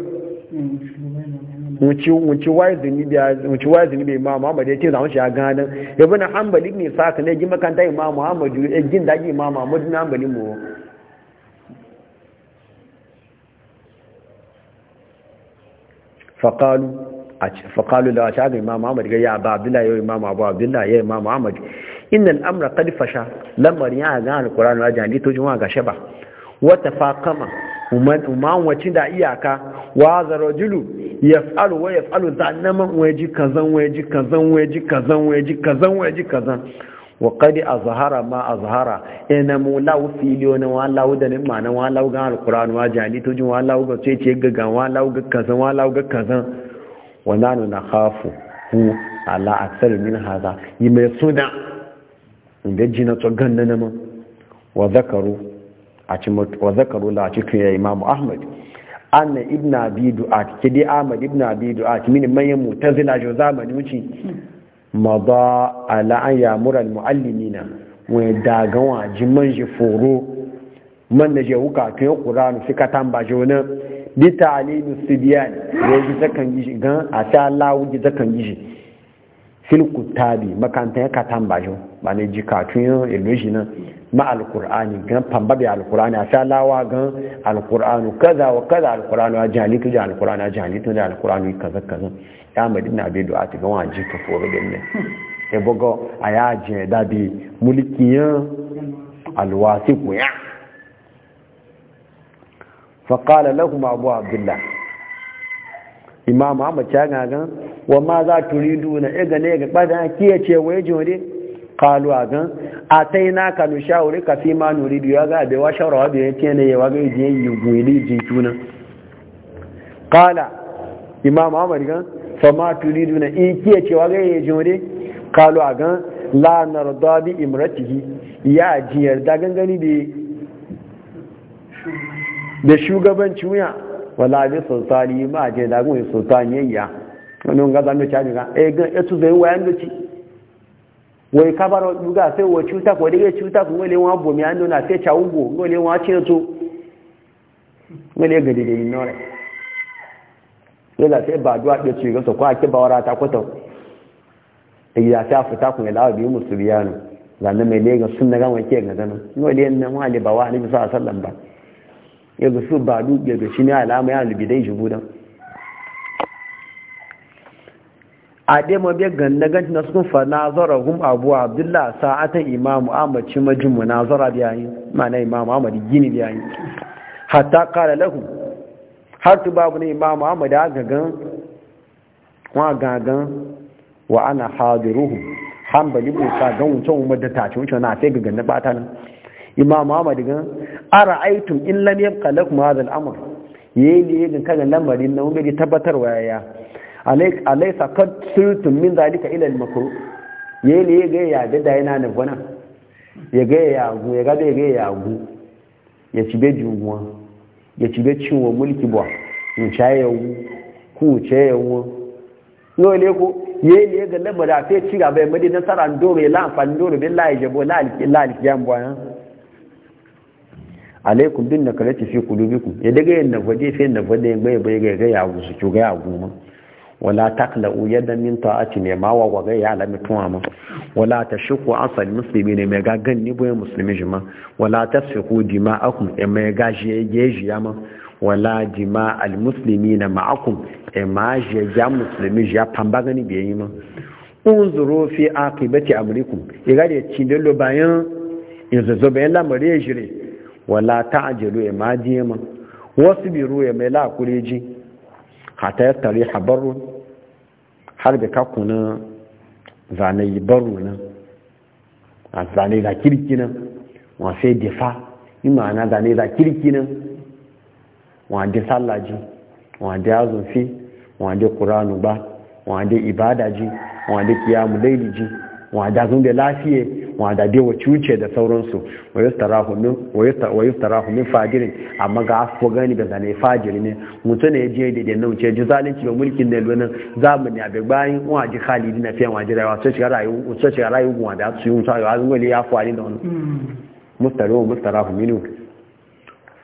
wuce wayar zunubi imam muhammadu ya ce zama shi a gana ya bi na hambali ne sa ka ne ji makanta imam muhammadu ya jin daji imam muhammadu na hambali mu faƙalu da wace aga imam muhammadu ga ya ba abdullahi ya imam abu abdullahi ya yi imam muhammadu inna al'amura kadi fasha lamarin ya gana alkuranu a jihar litojin wa ga shaba wata fa kama umar da iyaka wa za rajulu yaf'alu wa yaf'alu ta'annama wa yaji kazan wa yaji kazan wa yaji kazan wa yaji kazan wa yaji kazan wa qad azhara ma azhara ina mula law filiyo na wa law da ne mana wa law ga alquran wa jali to jin wa law ga ce ce ga wa law ga kazan wa law ga kazan wa nanu na khafu hu ala aksar min hadha yi mai suna inda jina to ganna na ma wa zakaru a cikin wa zakaru la cikin ya imamu ahmad anna ibn abi du'at ke dai ahmad ibn abi du'at min manyan mutazila jo zamani wuce mada ala an yamura al muallimina wa daga waji man ji foro man da je wuka fi qur'an ba tamba na. bi ta'limu sibyan ya ji zakan gishi gan a ta lawu ji zakan gishi fil kutabi makanta ya katamba jo ba ne ji katun ilo shi nan ma alkur'ani gan famba da alkur'ani asha lawa gan alkur'anu kaza wa kaza alkur'anu ajali tu alkur'anu ajali tu alkur'anu kaza kaza ya madina abe du'a ta gan waji ka foro da ne e bogo aya ya je da bi mulkiyan ya fa qala lahum abu abdullah imam ahmad ya gan, wa ma za turiduna na e ga ne ga bada kiyace wa ya jore kalu a gan a ta yi naka nu ka fi ma nuri biyu ga abewa shawarawa biyu ce ne yawa ga ijiye yi gwili jikuna kala imam ahmad gan fama turi duna in cewa ga yi jimure kalu a gan la narda bi imratihi ya ji yarda gangani da shugabanci wuya wala bi sultani ma je da gun sultaniyya wannan ga zan da caji ga eh ga etu zai wayan da wai kabaro duga sai wa cuta ko daga cuta ko wale na bomi an dona sai chawugo wale wa ceto wale ga dide yin nore yalla sai ba duwa da ce ga so kwa ki bawara ta ya e ta fita ku lawa bi musulmiyanu zanne mai ne ga sunna ga wanke ga dano wale nan wale ba wa annabi sallallahu alaihi wasallam ba su ba alama ya jubudan a ma mabe ganna ganci na sun fa nazara hum abu abdullah sa'atan imamu ahmad ci majin munazara da yayin mana imamu ahmad gini da yayin hatta qala lahu har tu babu ne imamu ahmad ga gan wa gagan wa ana hadiruhu hanbali ibn sa gan wuce umar da tace wuce na sai ga ganna bata nan imamu ahmad gan ara'aytum in lam yabqa lakum hadha al-amr yayin da lamarin nan ga tabbatar yaya alaysa kan sirtum min zalika ila al-makruh yele ga ya da da yana ne gwana. ya ga ya gu ya ga da ga ya gu ya ci be juwa ya ci be cinwa mulki ba in chayewu ku chayewu no le ko ya ga lamar da fe ci gaba ya madi nasara ndoro ya lanfa ndoro billahi jabo la alkiyam ba alaikum bin na kare nakarati fi qulubikum ya daga yan nafade fi nafade bai bai ga ga ya gu su ga ya gu wala takla'u yadda min ta'ati ne ma wa ga ya alami tuwa ma wala tashku asal muslimi ne mai gagan ni boye muslimi jima wala tasfiku dima'akum e mai gashi geji ya ma wala jima al muslimina ma'akum e ma je ya muslimi ya pambagani biye ma unzuru fi aqibati amrikum cinde e lo bayan zo bayan e wasu e hata ya tare habarun har da kaku na zanayi a zanayi za kirki nan wa sai defa yi ma'ana zanayi za kirki nan wa sallaji wa da yazon kuranu ba wa ibadaji ibada ji wa da kiyamu daili wande wa da lafiye wanda dai wace wuce da sauransu wa hu min fajirin amma ga afko gani da zane fajiri ne mutum ne ya je da dan wuce ji zalunci da mulkin da lona zamani a bayan wa ji khalidi na fiyan waje rayuwa sai shiga rayuwa sai shiga rayuwa da su yi a ya zungo ya ne da wani hmm. mustarahu mustarahu minu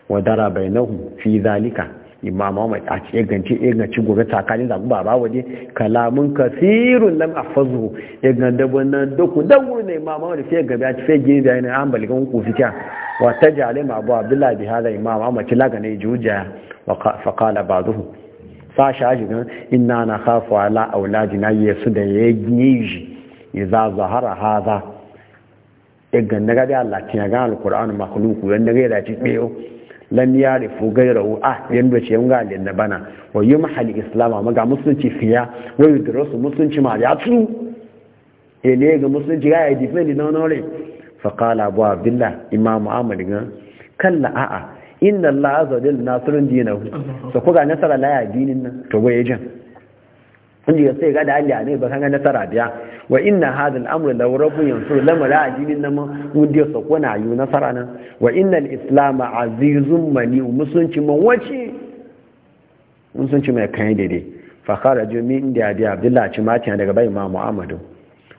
wa dara bainahu fi zalika imama mai a ce gance ganci gobe takalin zagu ba ba waje kalamun kasirun lam afazu ya da wannan doku dan wurin ne imama mai sai gabe a sai gini da yana an baligan ku fitiya wa jale ma abu abdullahi bi hada imama mai tila ga ne juja fa qala ba'dhu fa shaji gan inna na khafu ala auladina yesu da ya yi idza zahara hadha ya ganda ga da Allah tiya ga alqur'an makhluq wanda ga da ci biyo lam yarifu gairahu ah yanda ce yunga da bana wa yi yumhal islam amma ga musulunci fiya wa yudrasu musulunci ma ya tsu ele eh, ga musulunci ga ya defend na nore fa qala abu abdullah imam ahmad ga kalla a'a inna allaha azza wa jalla nasrun dinahu so ko ga nasara la ya dinin nan to goye jan inda ya sai ga da Allah ne ba kan nasara biya wa inna hadha al-amr law rabbun yansur lamara ajinin nan mun da sako na ayu nasara nan wa inna al-islam azizun mani musunci man wace musunci mai kan dede fa kharaju min inda bi abdullah ci ma daga bai ma muhammadu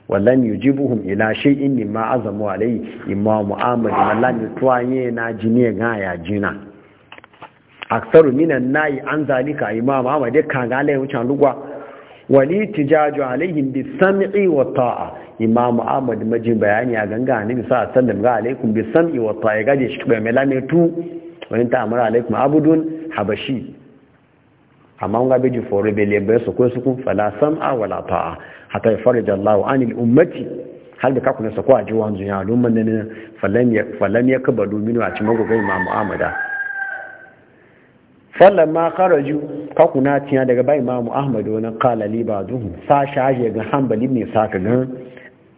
wallan yujibuhum ila shay'in mimma azamu alayhi imma muhammadu wallan tuwaye na jini ga ya jina aksaru minan nayi an zalika imam ahmad kan ga lai wucin lugwa wali tijaju alaihim bi sam'i wa ta'a imamu ahmad majin bayani a ganga annabi bisa sallam ga alaikum bi sam'i wa ta'a gaje shi bai melame tu wani ta amara alaikum abudun habashi amma ga biji foro bele be su ko su kun fala sam'a la ta'a hatta yafarij Allahu anil ummati hal da kakuna sa ko a ji wanzu ya lumman ne falam ya falam ya kabadu minu a cikin gogo imamu ahmada sallan ma karaju kakuna tiya daga bai imamu ahmadu wani kalali ba duhu sa shaji ga hambali ne sa ka gan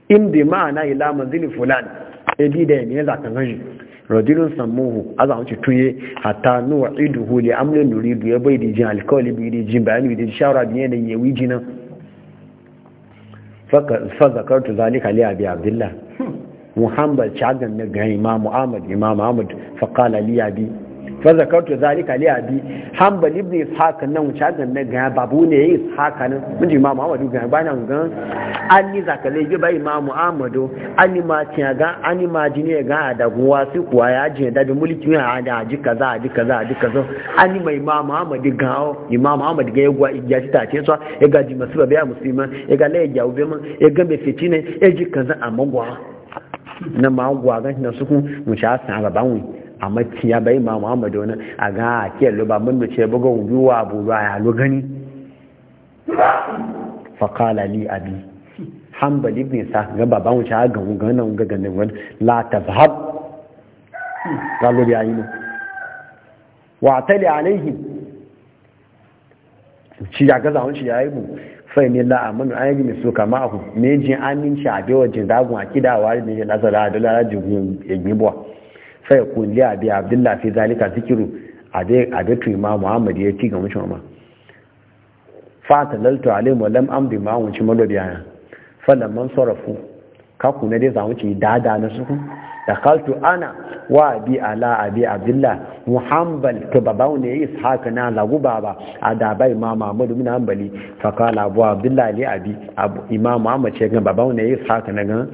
inda ma'ana ila manzili fulan ebi da yamiya za ka gaji rajulun samuhu a za wuce tuye hatta nuwa idu huli amle nuridu ya bai dijin alkawali bai dijin bayani bai dijin shawara biye da yawi jinan fa zakartu zalika liya biya abdullah hmm. muhammad shagan na ga imamu ahmad imamu ahmad fakala liya fa zakartu zalika li abi hanbal ibn ishaq nan wuce ga nan ga babu ne yayi ishaq nan mun ji imamu ahmadu ga bana ga anni zakale bi bai imamu ahmadu anni ma tin ga anni ma ne ga da guwa su kuwa ya ji da mulki ya da ji kaza ji kaza ji kaza anni mai imamu ahmadu ga imamu ahmadu ga yagwa ya ji tace so ya ga ji masu ba musulma ya ga lai ya ube mun ya ga be ne ya ji kaza amma gwa na ma gwa ga na suku mu sha san babanwi a matiya bai ma muhammadu wani a ga a kiyar luba mun ce buga wa abu ba ya lo gani faƙala li abi Hambali bin sa ga baban wuce a ga gana ga ganin wani la ta zahab ga ya yi ne wa tali alaihi shi ya gaza wani shi ya yi mu fai ne la amanu an yi mai so kama aku ne jin aminci a bewa jin dagun a kidawa ne ya nasara da lalajin yin yagibuwa Sai yakun li abi abdullah fi zalika zikru abe abe tu imam muhammad ya ci ga mutum ma fa talaltu alaihim wa lam amdi ma wuce malodiya fa man sarafu ka kuna dai zamu ci dada na su dakaltu ana wa abi ala abi abdullah muhammad to babawo ne ishaq na lagu baba adabai imam ahmad bin hanbali fa kala abu abdullah li abi imam ahmad ce ga babawo ne ishaq na ga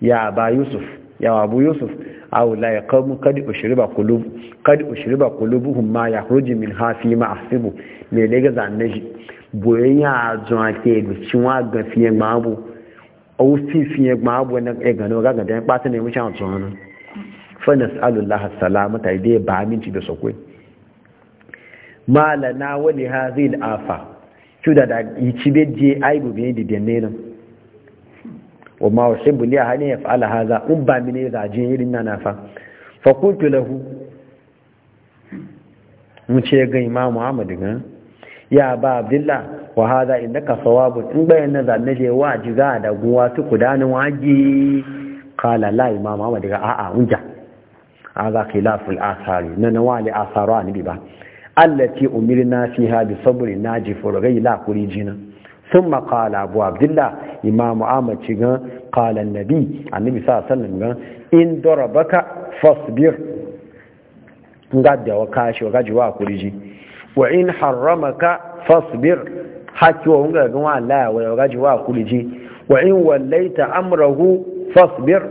ya aba yusuf ya abu yusuf aw la yaqamu kad ushriba qulub kad ushriba qulubuhum ma yakhruju min hafi ma ahsibu le le ga zanne shi boyanya azun ake bi chiwa ga fiye mabu aw fi fiye mabu na e gano ga ga dan pata ne mu chan tsono fa nas'alullah salamata idai ba aminci da sokoi malana wani hazil afa cuda da yi ci cibe je aibu ne da denne nan wa ma uhibbu li ahli yaf'ala hadha ubba min zajin irin nan fa fa qultu lahu mun ce ga imam Muhammad ga ya ba Abdullah wa hadha innaka sawabun in bayan na zanne je wa jiga da guwa tu kudanin waji qala la imam Muhammad ga a'a unja hadha khilaful athari nan wali athara ni ba allati umirna fiha bi sabri najif wa ghayla kurijina sun makala abu abdullah imamu ahmad ci gan kalan nabi annabi sa sallam gan in dorabaka fasbir ngadda wa kashi wa gajiwa kuriji wa in harama ka fasbir haki wa unga gan wa la wa gajiwa kuriji wa in wallaita amrahu fasbir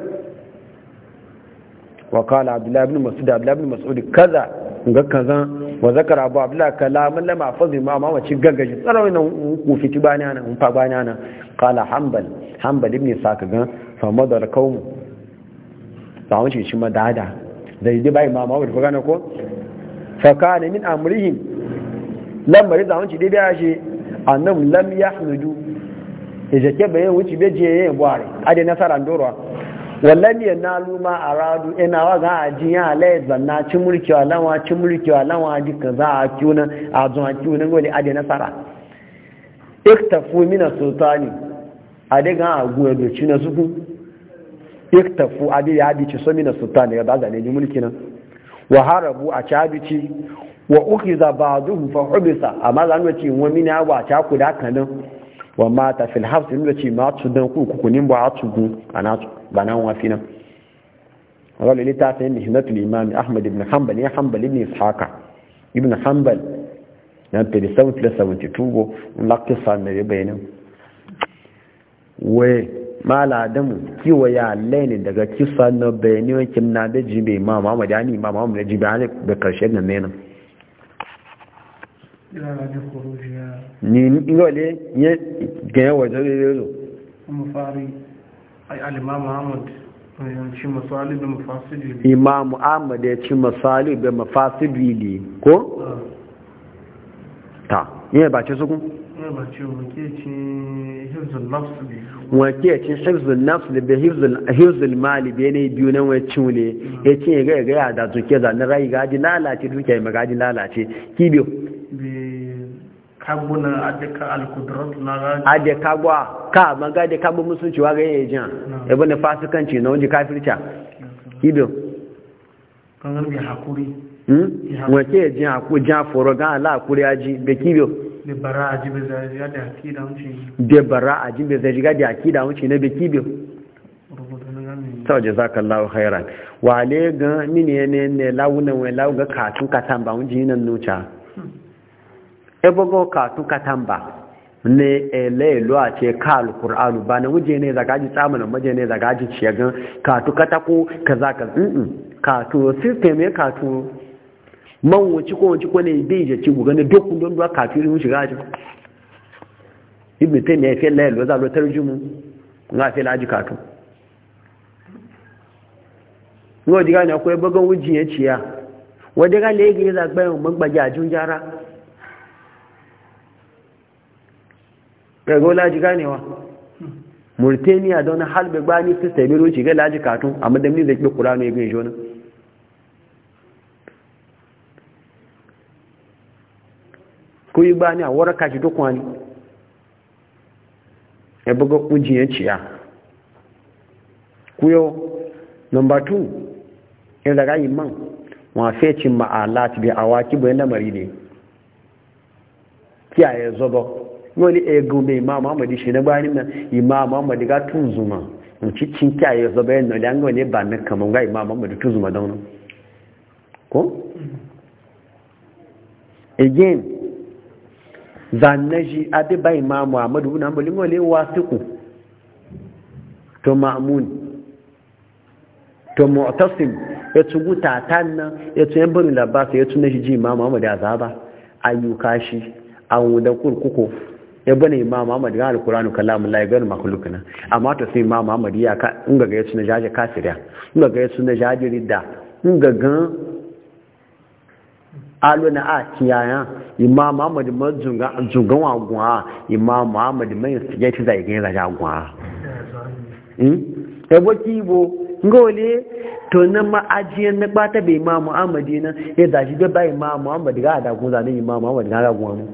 wa qala abdullah ibn mas'ud abdullah ibn mas'ud kaza ga kaza wa zakara abu Abdullahi kalaman lama fazi ma ma wace gaggaji tsarawai na kofi ti bani ana in bani ana kala hanbal hanbal ibn saka gan fa madar qaum ta wuce shi madada zai ji bai mamawa da fagana ko fa ne min amrihim lamma da wuce dai da shi annan lam yahmudu idan ke bayan wuce beje yin buhari ade nasara ndorwa wallan ya na luma a radu ina wa ga aji ya alayi zanna ci mulki wa lanwa ci mulki wa lanwa ji za a kiuna a zuwa kiuna gole adi nasara iktafu mina sultani ade ga agu ya doci na suku iktafu ade ya abici so mina sultani ya baza ne mulki na wa harabu a abici wa ba zuhu fa hubisa amma zan wace wa mina wa ta kuda kanan wa mata fil hafs inda ce ma tu dan ku kukunin ba a tugu ana ba nan wa finan wala littafin mihnatul imam ahmad ibn hanbal ya hanbal ibn ishaqa ibn hanbal na tabi sauti da sauti tubo in lakta sanare bayanin we mala adamu kiwa ya laini daga kisa na bayanin kimna da jibe imam ahmad yani imam ahmad da jibe da karshe na ne nan ni ngole ye gaya wajen lelo mafari imamu ahmad ya ci masali da mafasidili ko? Ah. ta ni ba ce suku? wake ci hirzul nafs da hirzul mali da yanayi biyu na wani cin mm. ya ce ya gaya gaya da zuke zanen rai gaji lalace duke mai gaji lalace kibiyo kagbuna adeka alkudrat na gani adeka gwa ka maga adeka bu musulunci wa ganye jan ebe ne fasikanci na wajen kafirca ido kanzan bi hakuri wace hmm? jan hakuri jan foro gan ala hakuri aji da kibiyo de bara aji zai zajiga da akida da wuce na be kibiyo sau jazakallahu hairan wale ga mini ne ne lawunan wai lawu ga katun katan ba wujin nan nuca ebogo katu katamba ne elelo a ce ka alkur'anu Bana wuje ne zaka ji tsamana maje ne zaka ji ciyagan katu katako kaza ka mm katu system ya katu man wuci ko wuci ko ne bai je ci gugana duk don duwa katu ne shiga ji ibn taymiya fi lelo za lo tarjumu nga fi laji katu ngo diga ne akwai bagan wuji ya ciya wadda ga lege za gbayan magbaja jun jara gbẹ̀gbẹ̀ ne gáà murtaniya da wani halbe gbani ní tabiru shiga laji katun a kàtún da ní kuranu ya gani shonin ko yi a waraka shi duk wani ya buga ƙunjiyar ya. kuyo number 2 ya daga man bai lamari ne kiyaye zobo wani ego mai imam amadi shi na bayanin nan imam amadi ga tun zuma in ci cin ya zaba yin nan yanzu ne ba na kamar ga imam ahmadu tun zuma da wani ko again zanaji adi ba imam amadi wuna amadi wani wasiku to ma'amun to mu'tasim ya tugu tatan nan ya tun yan bari labasa ya tun na shi ji imam a zaba? ayyuka shi an wudan kurkuku ya bane imam Muhammad ga alqur'anu kalamullahi gar makhluqina amma to sai ma Muhammad ya ka in ga yace na jaje kafiriya in ga yace na jaje ridda in ga gan aluna a kiyaya imam Muhammad mazunga zungan wa gwa imam Muhammad mai hmm? ya ta zai ga ja gwa hmm e bo kibo ngole to na ma ajiyar na bata bai ma Muhammad na ya zaji da bai ma Muhammad ga da kun zanin imam Muhammad ga ga gwa mu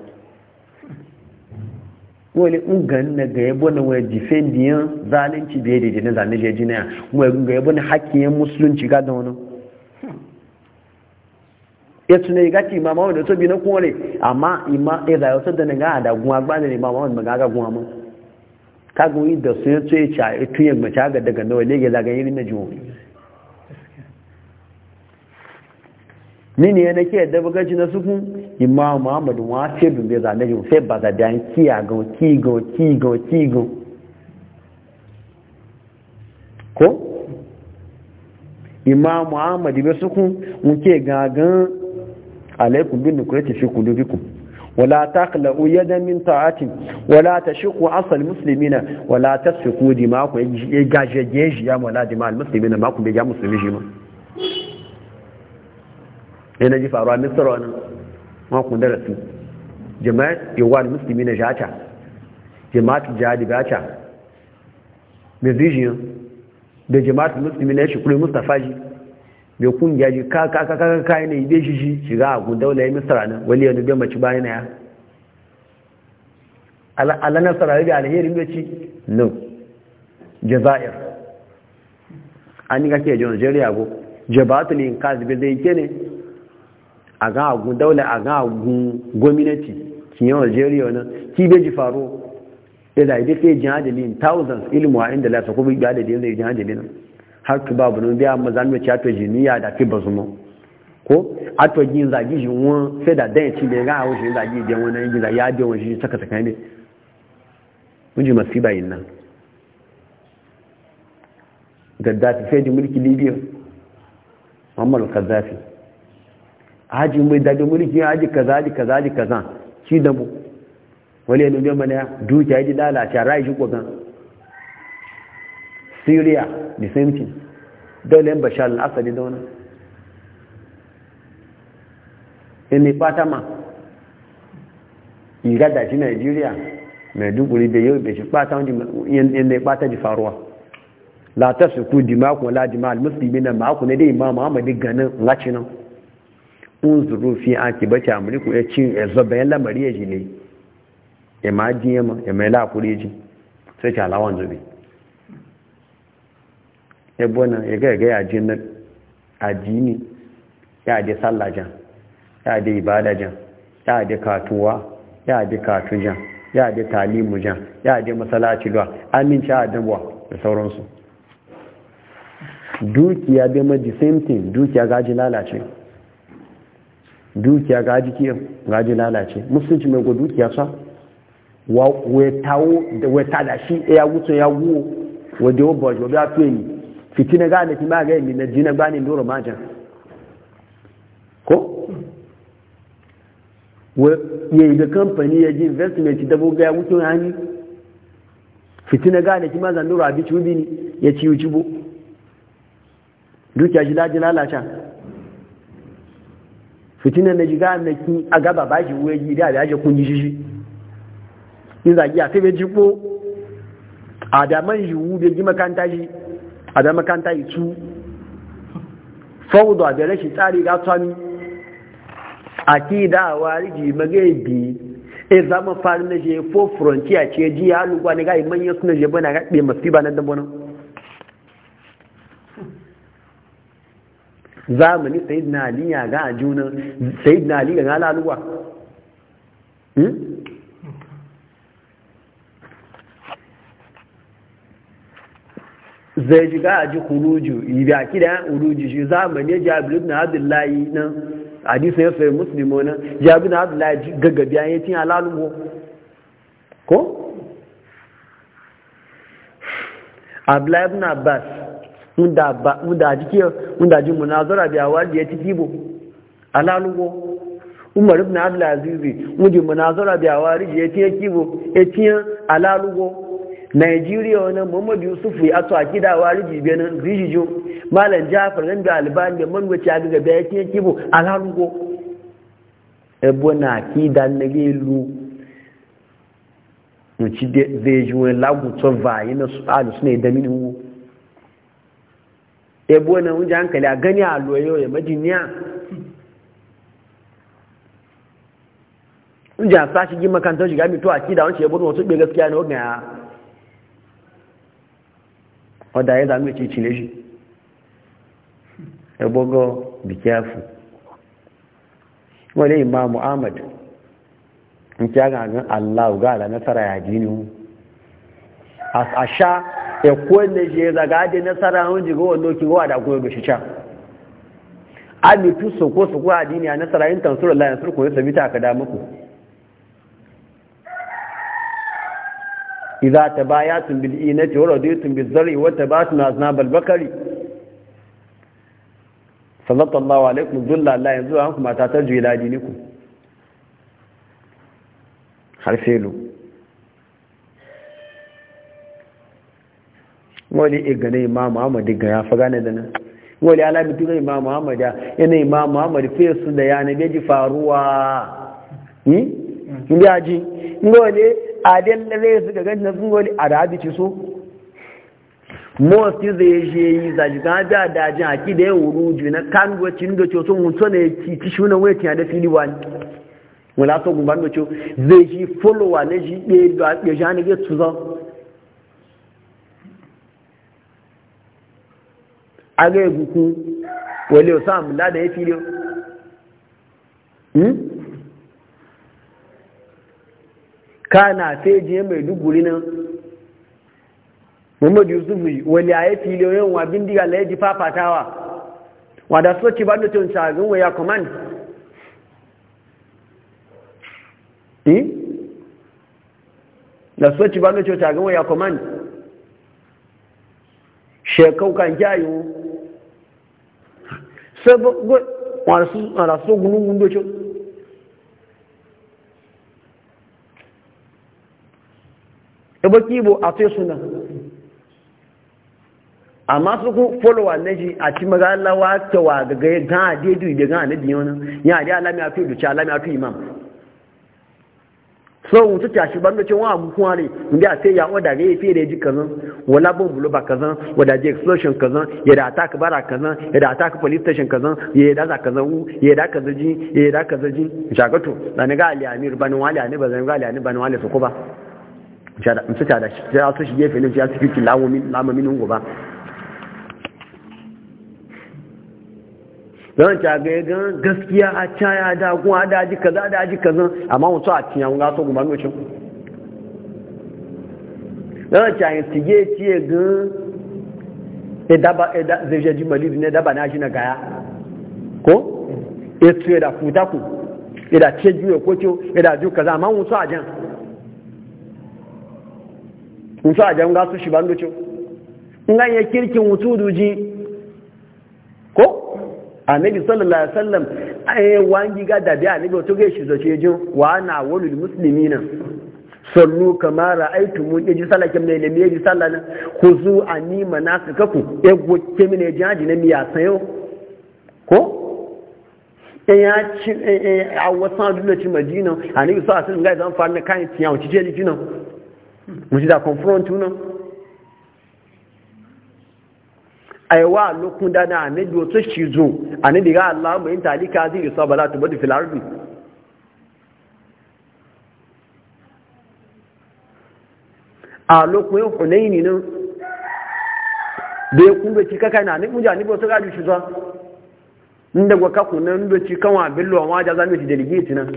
wani ungan na ga yabo na wani difendiyan zalunci da ya daidai na zane da ya na wani ga yabo na hakiyan musulunci ga da wani ya tuna yi gaci imama wanda to bi na kore amma ima ya zai wasu da na da guwa ba da imama wanda ga ga guwa mun ka yi da su ya tsoye ca ya tuye mace ga daga nawa ne ga zagayen na jiwo nini ya nake yadda bugaci na sukun imam muhammad wa ce dun bai zane shi sai ba da an kiya ga ki kigo ki ko imam muhammad bai sukun muke gagan alaikum bin nukurati fi kulubikum ولا تقلعوا يدا من طاعة ولا تشقوا عصى المسلمين ولا تسفكوا دماءكم يجاجي يا ku دماء المسلمين ماكم بيجا مسلمين Ina ji faruwa misra wani makon darasi jama'at yawan musulmi na jata jama'at jihadi bata musician da jama'at musulmi na shukuri mustapha ji mai kungiya ji ka yana yi shi shi shiga a gun daular misra nan wali yana biyan mace bayan ya ala Sarari da alherin bai ci no jazair an yi kake jiragen jiragen go jama'atul inkaz bai zai ke ne a ga agun daula a ga agun gwamnati kiyan algeria na ki beji faro da zai ide sai jihar dalilin thousands ilmu a inda lasa kuma ga da yanzu jihar dalilin har ki babu nan biya mazan mace ato jiniya da ki bazumo ko ato gin zagi shi wọn sai da dan ci da ga hawo shi zagi da wani gin zai ya da wani shi saka saka ne mun ji masiba yin nan gaddafi sai ji mulki libya muhammadu kaddafi haji mai daga mulki haji kaza haji kaza haji kaza shi da mu wale ne biyan mana dukiya ya ji lalace rai shi kogan syria the same thing dole yan bashar al'asari da wani ne fata ma gada shi nigeria maiduguri da yau bai shi fata wanda fata ji faruwa la ta su ku dima la dima al-musulmi na ma'aku ne dai imam muhammadu ganin lacinan zuru fi aki bace muliku ya ci ya zaba bayan lamari ya ji ne ya ma ji ya ma ya mai ya ji sai ci alawan zobe ya bona ya ga ga ya ji na addini ya ji sallah ya ji ibada ya ji katuwa ya ji katujan jan ya ji talimujan ya ji masalaci duwa aminci dabuwa da sauransu dukiya bai maji same thing dukiya gaji lalace dukiya ga jiki ga ji lalace musulunci mai go dukiya sa wa wetawo da weta da shi eh, ya wuce ya wuwo wajen wabba wajen ya fiye ni fitina ga ki ma ga yi na jina ndoro doro majan ko ya yi da kamfani ya ji investment da boga ya wuce hannu fitina ga ki ma zan doro abinci wubi ne ya ci wuci bo dukiya shi daji lalace fitina na jiga na kin a gaba ba shi wuya gida ya yaje kun shi in zagi a tabe jibo a da man wu da ji makanta shi a da makanta yi su fauda da rashin tsari ga tsami a da wariji magaibi e zama farin na je fo frontier ce ji ya lugwa ne ga manyan suna je bana ga be masiba nan da bonan zamani sayyidina ali ya ga ajunan sayyidina ali ga laluwa hmm? zai shiga a ji kuruju ya ki da uruju shi zamani jabir ibn abdullahi nan hadisi ya sai muslimo nan jabir ibn abdullahi gaggabi ya tin alaluwa ko abdullahi ibn abbas munda jike mu ji munazara biya wadi ya tiki a lalugo umar ibn abdul aziz mudi munazara biya wadi ya tiki kibo a lalugo Nigeria wani Muhammad Yusuf ya kida akida biya na rijijo Malam Jafar nan da Albani da man ci agaga biya ya tiki kibo lalugo ebo na kida na lu mu ci zai ji wani lagutun vayi na su alu suna da mini wu ebo na wunji hankali a gani a loyo ya majiniya wunji a sashi gima kantar shiga mito a kida wancan ya na wasu ɓe gaskiya na ogun ya wadda ya zama ce cile shi ebo go be careful wani imamu ahmad in kya ga allah ga ala nasara ya jini a sha ya e, kowane shi ya zaga da nasara hun jiga wa loki wa da koyo shi can amitu su ko su kuwa adini a nasara yin tansur Allah ya surko ya sabi ta kada muku idza tabayatun bil inati wa radiyatun biz zar'i na zina aznab al bakari wa alaikum dhulla Allah yanzu an kuma ta tarjuila diniku har sai wani igana e imamu amadi ga ya faga ne da nan wani alamitu ga imamu Muhammad ya yana imam amadi fesu da ya ne ji faruwa yi hmm? ndi aji ngole adel lalai su ga na sun a arabi ci so mosti zai je yi zaji ga da dajin aki da ya wuru ju na kan gocin da coton sun hunso ne ci ci shuna wai tiya da fili wani Wani so gumban da co zai ji follower na ji ɗaya da ya ji hannu ya tuzo aga eguku wale osam lada hmm? ya filo kana fejiye mai duguri nan muhammad yusufu wale a ya filo yin wa bindiga la ta ji fafatawa wadda soci ba nutun shagin waya command da soci ba nutun waya shekau kan jayu sẹ́bọ̀ gbé wọn àràsógun ní ogun lóṣọ́ ẹbọ́ kí ibò àtẹ́sùnà a masu kun folowa na shi a ci magalawa ta wa gagaye gan adédu ibe gan adédu yana ya adi alami afi olùcha alami afi imam so wuce tashi ban da cewa abu kuma ne inda a sai ya oda ga ya fere ji kazan wala bon bulo ba kazan wada je explosion kazan ya da attack bara kazan ya da attack police station kazan ya da za kazan u ya da kazaji ya da kazaji shagato da ni ga ali amir ban wali ani ba zan ga ali ani ban wali su ko ba in ta da shi sai a su shi gefe ne ya tafi lawo min lamu min goba don ta gan gaskiya a caya dagun kun a daji kaza daji kaza amma wasu a cinya kun gaso kuma nocin don ta yi tige gan edaba e zai je malibu ne daba na shi na gaya ko etu ya e da futa ku ya e da ce juya ko da ju kaza amma wasu a jan wasu a jan gaso shi ba nocin in kirkin wutu duji annabi sallallahu alaihi wasallam eh wangi ga da bi annabi to ga shi zace jin wa ana walul muslimina sallu kama ra'aytum yaji salakin ne lemi yaji sallana khuzu anni manasikaku e gokke mine jaji ne miya sayo ko e ya ci a wasan dole ci madina annabi sallallahu alaihi wasallam ga zan fara kan tiyan ci je likinan mu ji da confront tunan aiwa lokun da na anabi wato shi zo anabi ga Allah mai talika zai isa bala tu bada fil ardi a lokun hunaini nan da ya ga ci kaka na nukunja mujani wato ga shi zo inda gwa kakunan da ci kan wa billo wa da delegate nan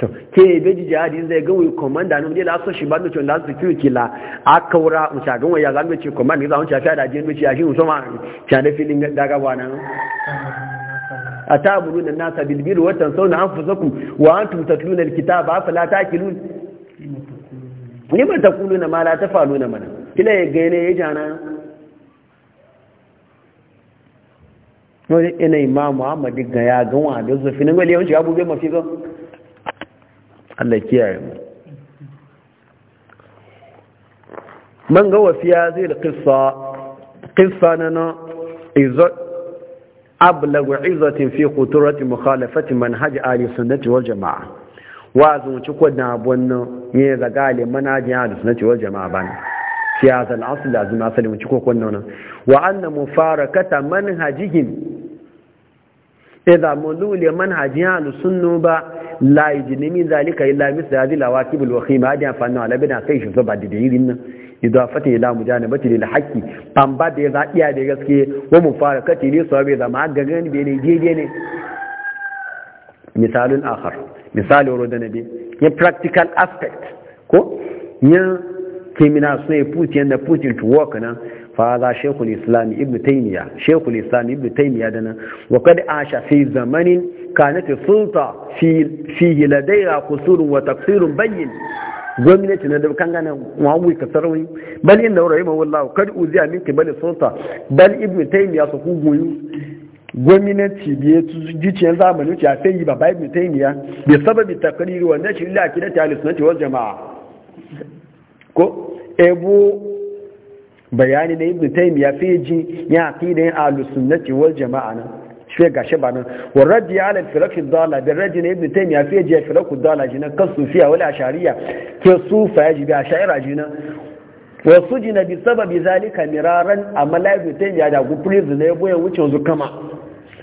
to ke be ji jihadi zai ga wai komanda ne la so shi ba mutum la security la akaura mu sha ga wai ya zama ce komanda za mu ci afiya da jin mu ci ya shi mu soma ta da filin daga bana atabulun an-nasa bil birri wa tansawna anfusakum wa antum tatluna al-kitaba afala taqilun lima taquluna ma la tafaluna mana kila ya ga ne ya jana wani ina imam muhammad ga ya ga wa da zufin wali yawanci abubuwan mafi zo Allah kiyaye mu man ga wasiya zai da qissa qissa nana izzat ablagu izatin fi quturati mukhalafati manhaj ali sunnati wal jamaa wa zuci ko da bonno ne ga gale manhajin ali sunnati wal jamaa ban fi hadha al asl lazim asali mu ko ko nan wa anna mufarakata manhajihim idha mulul manhajin ahli sunnu ba la yajni min zalika illa misl hadhihi alawaqib alwakhima hadi amfani wa shi so da nan idafati ila mujanabati lil haqqi pamba da za iya da gaske wa mufarakati da ma gangan be ne jeje ne misalun akhar misali wuro da nabi ya practical aspect ko ya kemina suna ya put yanda putin to work nan فهذا شيخ الإسلام ابن تيمية شيخ الإسلام ابن تيمية وقد عاش في زمن kanati sulta fi ladaiha kusurun wa tafsirun bayyin gwamnati na da kan gane ka sarwai bal inna rahimahu wallahu kad uziya minki bal sulta bal ibnu taymiya su ku goyu gwamnati biye jiciyar zamani ce a sai yi baba ibnu taymiya bi sababi takriri wa nashi illa kidati al-sunnati wal jamaa ko ebo bayani na ibnu taymiya ji ya aqidan al-sunnati wal jamaa na shi ga shi ba nan wa raddi ala firafi dala da raddi na ibn taymiya fi ji firaku dala jina kan sufiya wala ashariya ke sufa ya jibi ashaira jina wa sujina bi sababi zalika miraran amma la ibn taymiya da ku prison ne boye wuce zu kama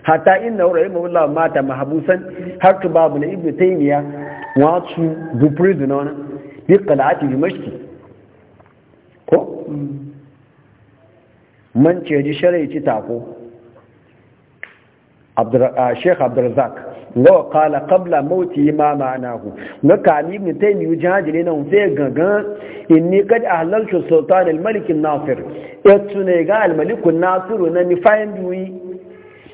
hatta inna rahimahullah mata mahbusan har to babu na ibn taymiya wa su du prison ne bi qala'ati dimashqi ko man ce ji sharai ci tako Uh, Sheikh Abdulrazak lawa kala kabla mauti ma ma'anahu na kani ibn taymi jaji na, nan sai gangan inni kad ahlaltu sultan al-malik an-nasir yatune e ga al-malik an-nasir na ni fayin duyi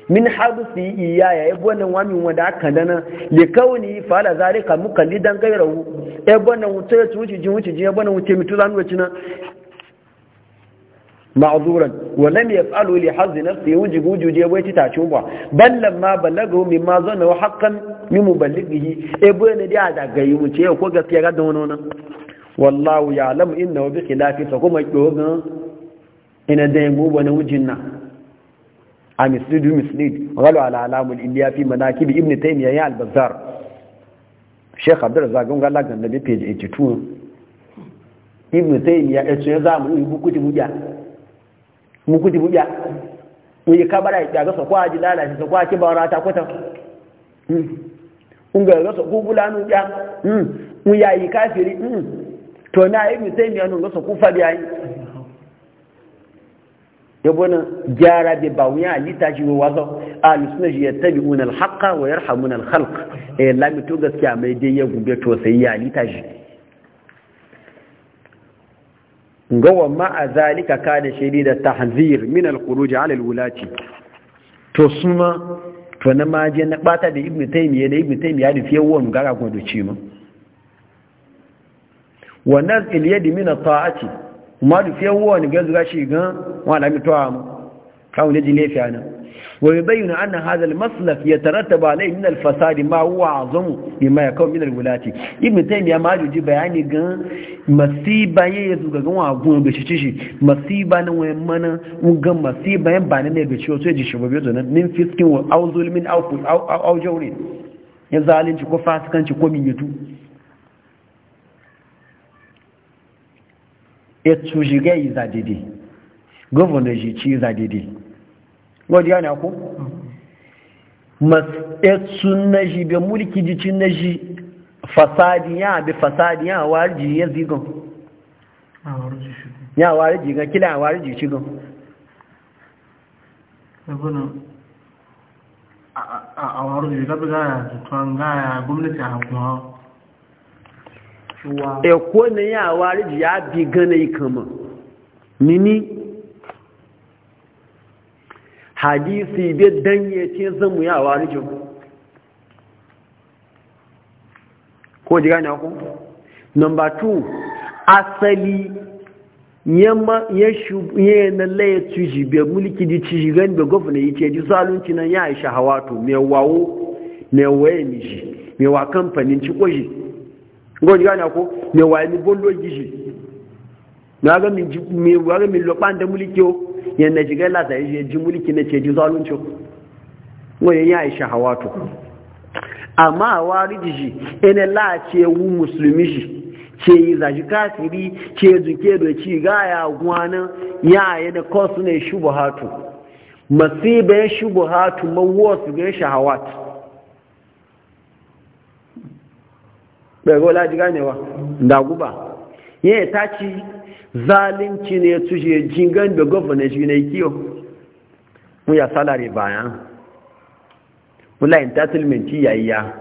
min habsi iya ya yabo e nan wani wanda aka dana li kauni fala zalika mukallidan gairahu ya e nan wuce wuce jin wuce jin yabo nan wuce mitu zan wuce na معذورا ولم يفعله لحظ نفسه وجب وجود يبوي تتاچوا بل لما بلغه مما ظنه حقا من مبلغه ابو ne da da gayi mu ce ko gaskiya ga dawo wannan wallahu ya'lam innahu bi khilafi fa kuma dogan ina da yabo wujin na. a mislidu mislid galu ala alamul indiya fi manakib ibn taymiyyah ya al-bazzar page 82 ibn taymiyyah ya ce mu yi hukunci muku ti buya mun yi bara ya gasa kwa ji lala so kwa ki ba rata kwata. Hmm. Mun ga so ku bulanu ya hmm. mun mu ya yi kafiri hmm. to na yi mu sai mi anu ga ku fa biya yi yabona gyara bi ba wuya alita shi wa wazo alusuna shi yattabi'una alhaqa wa yarhamuna alkhalq eh to gaskiya mai dai ya gube to sai ya alita shi gawa ma'a zalika shaidi da tahzir min al ji 'ala wula ce. to ma to na maje na bata da ibn taimiyya da ibn taimiyya da fiye won gara ko do cima wa naz al-yad min at ce, ma da fiye gazu ga zuga shi gan wa la mi to am kawo ne jile fi nan. ويبين أن هذا المصلف يترتب عليه من الفساد ما هو عظم مما يكون من الولاة ابن تيمية ما يجي بياني قن مصيبة يزوغ قن وعقون بشيشي مصيبة نويمنا وقن مصيبة ينبعني بشيو سيجي شبابيوتنا من فسك أو ظلم أو, أو, أو, أو جورين يزالين شكو فاسكان شكو من يتو ètò ṣìgẹ́ ìzàdìdì gọ́vọ̀nà ìṣìṣì ìzàdìdì gwaji gane ku matsayin na shi bai mulki jicin na shi fasadiya bi fasadiya warji ya zigon ya warji ga kila warji shigon a warji labi gaya tutuwan gaya gwamnati a kuma e ya kone ya warji ya bi gane kama nini hadisi bai danye ce mu yawa warijin ko ji gane ku number 2 asali yamma ya shubye na laye tuji be mulki di tuji gan be gofna yace ji zalunci nan ya aisha hawatu me wawo me waye mi shi me wa kamfanin ci koji ko ji gane ku me waye ni bollo ji shi na ga min ji me wa ga lopan da mulki o yana jigar lasa ya ji mulki na ce ji zalunci wani ya yi shahawatu amma wari jiji ina lati ce musulmi shi ce yi zaji kafiri ce zuke da ci gaya gwana ya yi da kosu ne shubuhatu masibayen shubuhatu mawuwarsu ga shahawatu bai gola ji ganewa da guba yi ta ci zalunci ne tuje jingan da gwamnati shi ne kiyo mu ya salari bayan mula yi yayya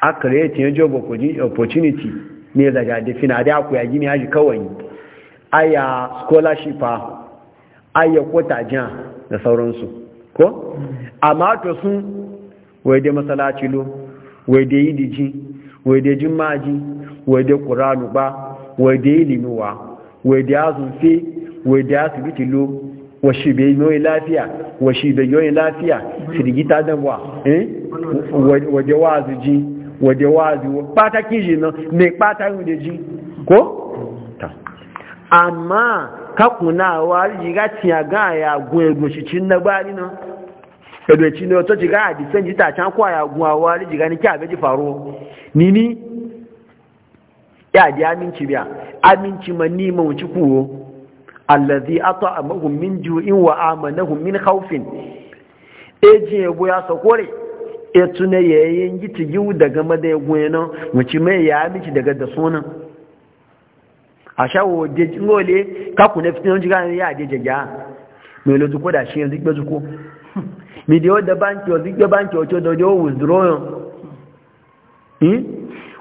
a create a job opportunity ne daga defina da aku ya gini haji kawai aya scholarship aya kwata jan da sauransu ko amma to sun wai da masalaci lo wai yi yidiji wai jin maji wai da qur'anu ba wai dai wèdí azùnfẹ́ wèdí asibiti ló wàṣìbẹ̀ yóyin láfíà wàṣìbẹ̀ yóyin láfíà ṣìdìgítà dánwà wàjẹ́ wáàzù jí wàjẹ́ wáàzù pátákì jìnà ní pátákì jìnà kó? àmá a gán àyàgùn ẹgbòṣìṣì nagbá nínú ẹgbẹ̀ṣì ni ọ̀tọ́ ti gá àdìsẹ́ ayagun aminci mani wuci kuwo allazi at'amahum min ju'in wa amanahum min khawfin eje yabo ya sokore e tune yayin giti giu daga madai gwenon wuci mai ya aminci daga da sunan ashawo de ngole ka ku ne fitin jiga ya de jaja me lo zuko da shi yanzu gbe zuko mi de o da banki o zigbe banki o to do de o withdraw hmm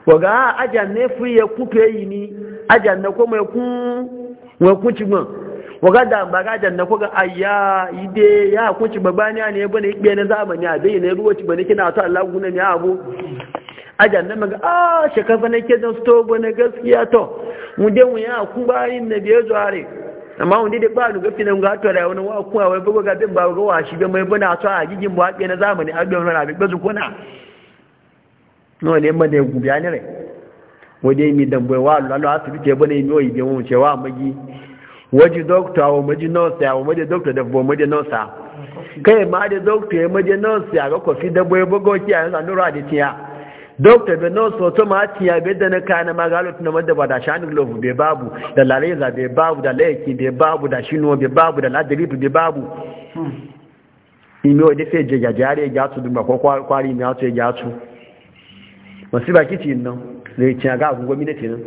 waga aja ne fu ye yi ni ajanna ko mai kun mai kun ci gban waga da ba ga ajanna ko ga ayya ide ya kun ci babani ne bane ikbe na zamani a bai ne ruwa ci bane kina to Allah gunan ya abu ajanna ga a ah, shekafa na ke dan sto bane gaskiya to mu de mu ya kun yin na biye zuare amma wanda da bani gafi nan ga to da wani wa kuwa wai bugo ga din ba ga washi ga mai bana to a gigin ba na zamani a ga wani rabi bazu kuna no ne ma da gubiya ne rai yi mi dambe wa lalo asibiti bane yi o ibe won cewa magi waje dokta wa maji nurse wa maji dokta da bo maji nurse kai ma da dokta ya maji nurse ga ko fi dabo bugo ki a yanzu dora da tiya dokta da nurse wato ma tiya be da na kana magalo tuna madda ba da shanu glove be babu da lareza be babu da laiki be babu da shinuwa be babu da ladrip be babu imi dafe jajajare ya je jajare ja ko kwari mi a to ja tu wasi nan ne cin ga agun gwamnati nan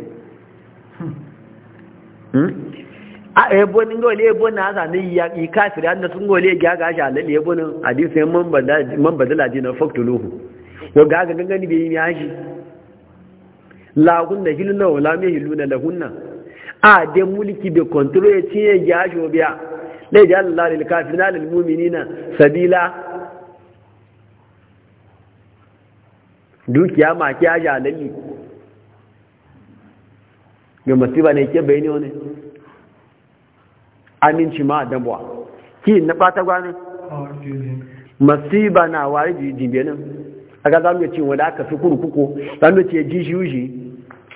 hmm? a ebo ni ngole ebo na za ne ya i kafir an sun ngole ga ga sha lalle ebo nan hadisi man bada man badala dina faktuluhu wa ga ga gangani bai yi haji la kunna hilna wa la mihiluna lahunna a de mulki be control ya ci ya yashi obiya la ja Allah lil kafirina lil mu'minina sabila dukiya ma kiya yashi lalle mai masiba ne ke bayani wani aminci ma a buwa ki na fata gwani masiba na wari nan a ga zamu ci wanda aka fi kuku zamu ce ji shi yushi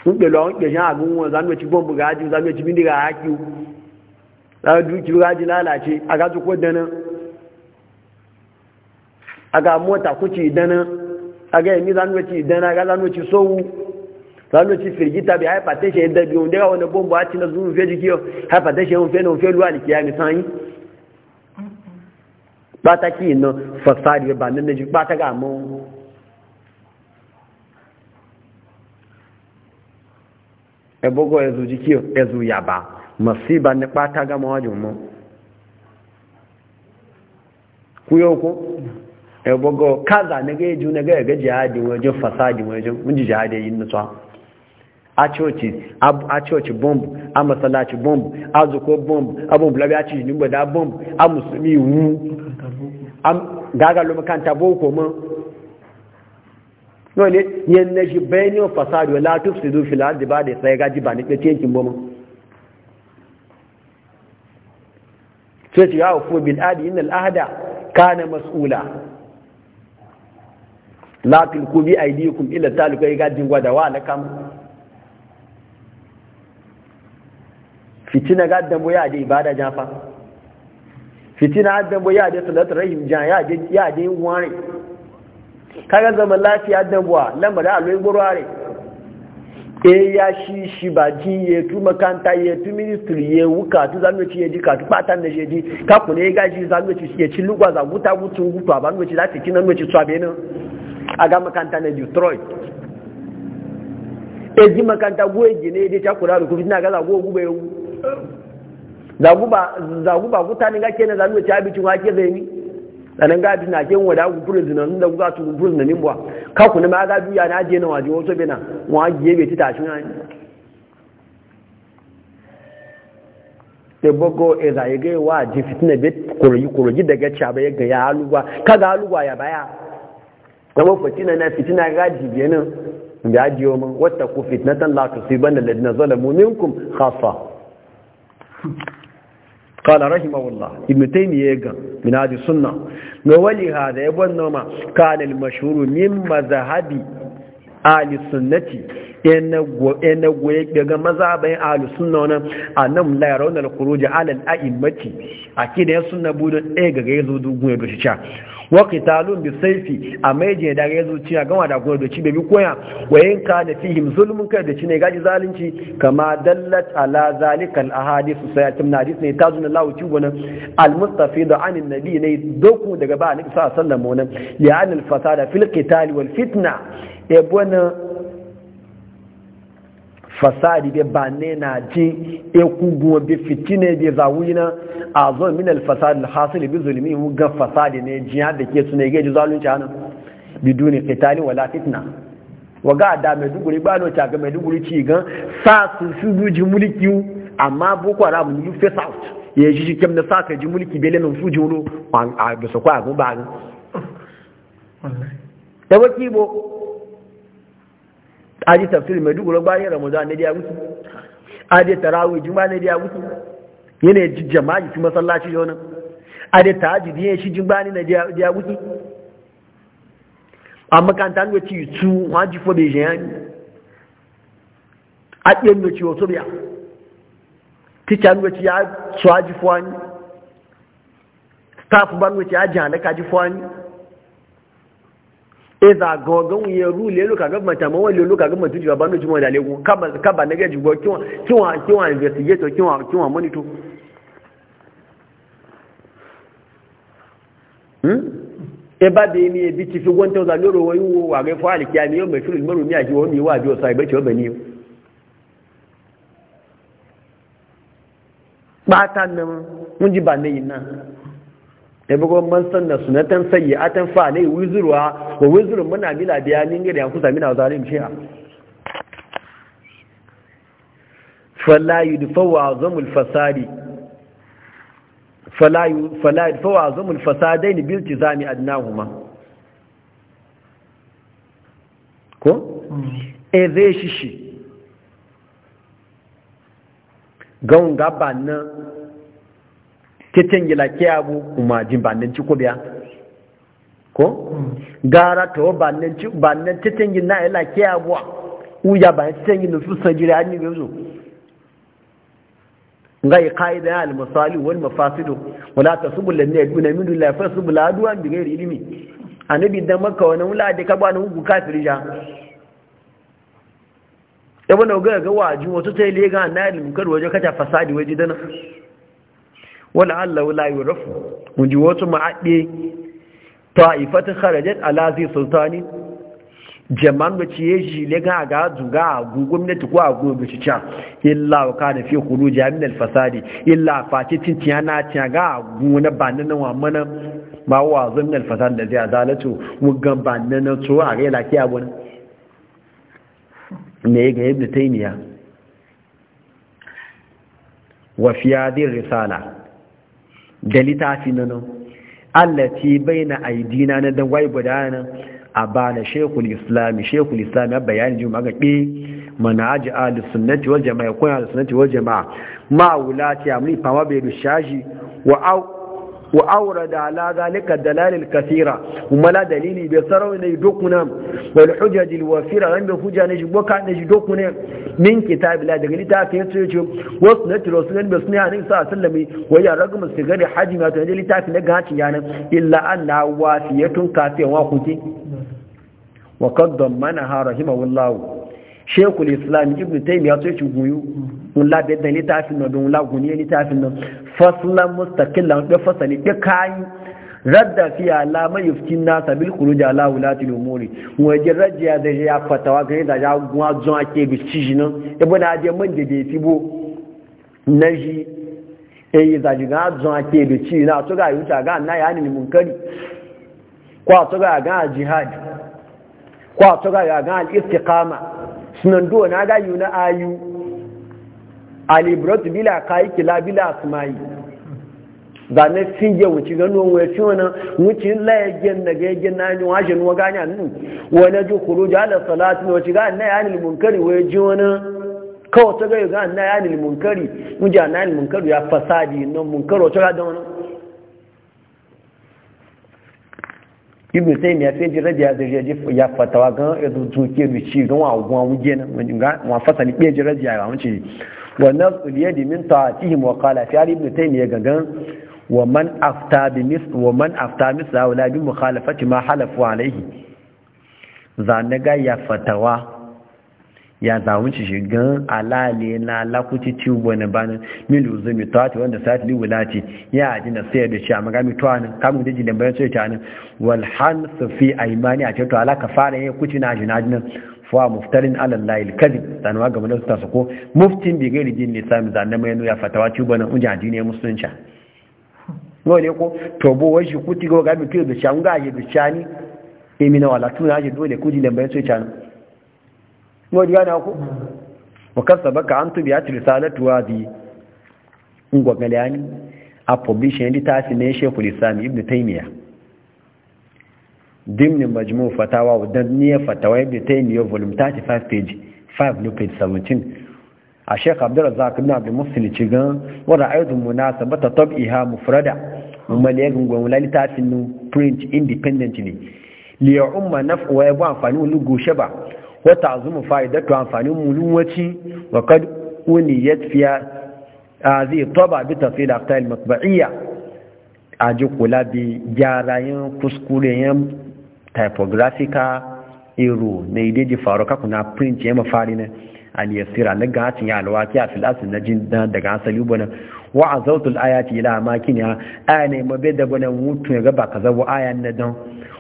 kuke lawan ke shan abin wani zamu ci bombu gaji haji zamu ci bindiga a haki zamu duki gaji lalace a ga zuko dana a ga mota kuci dana a ga yami zamu ci dana a ga zamu ci sowu lalo ci firgita bi haifa ta shi yadda biyu daga wani bombo a ci na zuru fiye jiki haifa ta shi yawon fiye na fiye luwa da kiyami sanyi bata ki yin nan fasari ba nan na ji bata ga mun ebogo ezu jiki ezu yaba masiba ne bata ga mawajin mu kuyo ko ebogo kaza na ga eju ne ga ga jihadi wajen fasadi wajen mun ji jihadi yin tsawon a coci a coci bomb a masallaci bomb a zuko bomb a bomb labi a ci nimba da bomb a musulmi wu gagalo makanta boko ma. no ne yan na shi bayani wa fasadi wa latif su zufi lardi ba da ya tsaye gaji ba ni ɗace yankin ba mun sai ci yawo ko bil adi yin al'ada kana mas'ula latil kubi aidikum ila talika gajin gwada wa na kama fitina ga da mu ya da ibada jafa fitina da mu ya da salatu rahim ja ya da ya da wani kaga zaman lafiya da buwa lamar alwai gurware e ya shi shi ba ji ya tu makanta ya tu ministry ya wuka tu zamu ci ya ji ka tu patan da je ka ku ne ga ji zamu ci ya ci lugwa za guta gutu gutu ba mu ci lati kinan mu ci tsabe ne a ga makanta na Detroit e ji makanta goye ne e dai ta kula da ku fitina ga za go gube yau zagu ba kuta ne gake na zanuwa ci abicin wake zai ni sanan gadi na ke wada ku furin zinan da kuka tu furin zinan bwa kaku ku ne ma ga biya na je na waje wato bena wa giye bai ti tashi na ni te bogo e za yege wa ji fitna be koroji koroji daga cha ba ga ya aluwa kaga aluwa ya baya kuma fitina na fitina gaji biyanin bi ajiyo man wata ku fitnatan la da alladhina zalamu minkum khafa قال رحمه الله ابن تيميه قال من هذه السنه نولي هذا يبون ما كان المشهور من مذهب اهل السنه ان و ان و daga mazhabin ahlus sunna wannan annam la yarawna al-khuruj ala al-a'immati akida sunna budan ɗaya eh, ga yazo dugun ya doshi wa talun bi a mai yaje da ga zuciya gama da kuma doci bai koya wa da fi fihim zulmun kai da ci ne gaji zalunci kama dallat ala zalika sai, ahadith na hadisu ne zuna lawo ci gona almustafi da anin nabi ne doku daga ba a nufi alaihi sallan wannan ya an fasada fil qital wal fitna ya e bona fasadi be ne na ji e kuguwa be fitine be zawina a zon min al al hasil bi zulmi mu ga fasadi ne jiya da ke suna ga zalunci hanan biduni qitali wala fitna waga da mai duguri ba no ta ga mai duguri ci gan sa su su ji mulki amma boko ni face out ya ji kem na sa ka ji mulki bele nan su ji wuro a bisa a go ba ga wallahi da wakibo aji tafsir mai duk ba ramadan ne da ya gusu aji tarawih juma ne da ya gusu yana jama'i fi masallaci da wannan aji tahajjud yin shi juma ne da ya gusu amma kan tan ci fo be jean a ɗin go biya ti can go ya aji fo an staff ban go ci halaka aji eza gogon ya rule luka ga mata ma wale luka ga mata jiba banu na investigator kiwa kiwa monitor hmm e ba de ti fi won to za loro wo yu wa ga fo aliki ami o me firu mo mi aji o mi wa bi o sai be ji ne na da bugon man sanna sunatan ta fa alai wizruha wa wizrun muna mila biya min gari an kusa mina zalim shi'a fala yudfawu azamul zamul fasadai ni bilci fasadaini bil tizami adnahuma ko mm. e zai shishi gaun nan keten gila ke abu kuma jin bannin ci ko biya ko gara to bannin ci bannin keten gina ila ke abu uya ba keten gina su sajira an yi bezo ngai qaida al-masali wal mafasidu wala tasubu alladhina yaduna min la fasubu la adwan bi ghairi ilmi annabi da makka wannan wala da ka ba nan ku kafiri ja yabo na ga ga waju wato sai le ga na ilmi kar waje kata fasadi waje dana wala Allah la yurafu mun ji wasu ma'adde ta'ifatu kharajat ala zai sultani jaman da ciye ya shi le ga ga zuga a gwamnati tuku a gobe ci ca illa wa kana fi khuruji min al fasadi illa fati tin tiya na cinya, ga gona banan wa mana ma wa zan al fasad da zai adalatu mu gan banan to a ga laki abun ne ga ibn taymiya wa fi hadhihi risala da littafi na nan allaci bai na aidina na don wai gudana a ba na shekul islami shekul islami ya bayani ji maga ɗe mana aji alisunnati wajen jama'a kuna alisunnati wajen jama'a ma wulati amri fama bai rushaji wa wa awrada ala zalika dalalil kathira umala dalili bi sarawni dokuna wal hujaj al wafira an bi huja ne jibo ka ne jido kune min kitab la daga litafin su yace wasu na tirosun bi sunna ne sa sallami wa ya ragum sigari haji ma ta ne litafin daga gaci yana illa anna wasiyatun kafiyan wa kuti wa qad dammanaha rahimahullahu shaykhul islam ibn taymiyyah ya yace guyu mun la bi dalita fi na don la guniye litafin na faslan mustaqillan bi fasali bi kayi radda fi ala ma yufkin nasa bil khuruj ala ulati umuri Wa jarraja da ya fatawa ga da ya gwa zuwa ke bi ciji nan ibn ade man de de tibo naji e yi da ga zuwa ke bi ciji na to ga yuta ga na ya ni munkari kwa to ga ga jihad kwa to ga ga al istiqama sunan do na ga yuna ayu alibratu bila kayi kila bila asma'i da na finge wuce gano wa fi wani wuce layagen na gayagen na ni wajen wa gani annu wani ji kuro ji ala salatu na wace gani na yanil munkari wa ji wani kawai ta gaya gani na yanil munkari wuce na yanil munkari ya fasadi na munkari wata gada wani ibn sai ya fi jira da zai ya fatawa gan ya zuke da ci gan wa wuje na wa fasali ɓe jira da ya wuce wa nafsu biyadi min ta'atihim wa qala fi ibn ya gangan wa man afta bi mis wa man afta mis la wala bi mukhalafati ma halafu alayhi zanaga ya fatawa ya zawunci shigan alali na lakuti tubo na banin milu zumi tawati wanda sati liwulati ya aji na sayar da shi a magami tuwanin kamun da jilin bayan sai tuwanin walhan su fi aimani a cewa alaka fara ya kuci na ajinajinan fa muftarin ala llahi alkadhib dan wa game da su tasu ko muftin bi gairi din lisami zanne mai ya fatawa ci bana unja addini musulunci no ne ko to bo wai shi kuti go gabi to bi shan ga ye bi shani e wala tun ya dole kuji da bayan so can no diga na ko wa kasabaka antu bi atrisalatu wadi ngwa galani a publishing ta tasi ne shekul islam ibn taymiya dimni majmu fatawa wadanda niyyar fatawa ibn taymiyyah volume 35 page 5 no page 17 a sheikh abdurrazzaq ibn abd musil cigan wa ra'aytu munasabata tab'iha mufrada umman yagun gwan lalita sinu print independently li ya umma naf'u wa yabu amfani wani goshe ba wa ta'zumu fa'idatu amfani mulun waci wa kad uniyat fiya azi taba bi tafsir aqtal matba'iyya aji kula bi jarayin kuskure yan typographical ero na ji faru kaku na print ya mafari na aliyasira na gacin ya alwaki a filasin na jin daga asali bana wa azautul ayati ila makin ya mabe da bana mutu ya gaba ka zabo ayan na don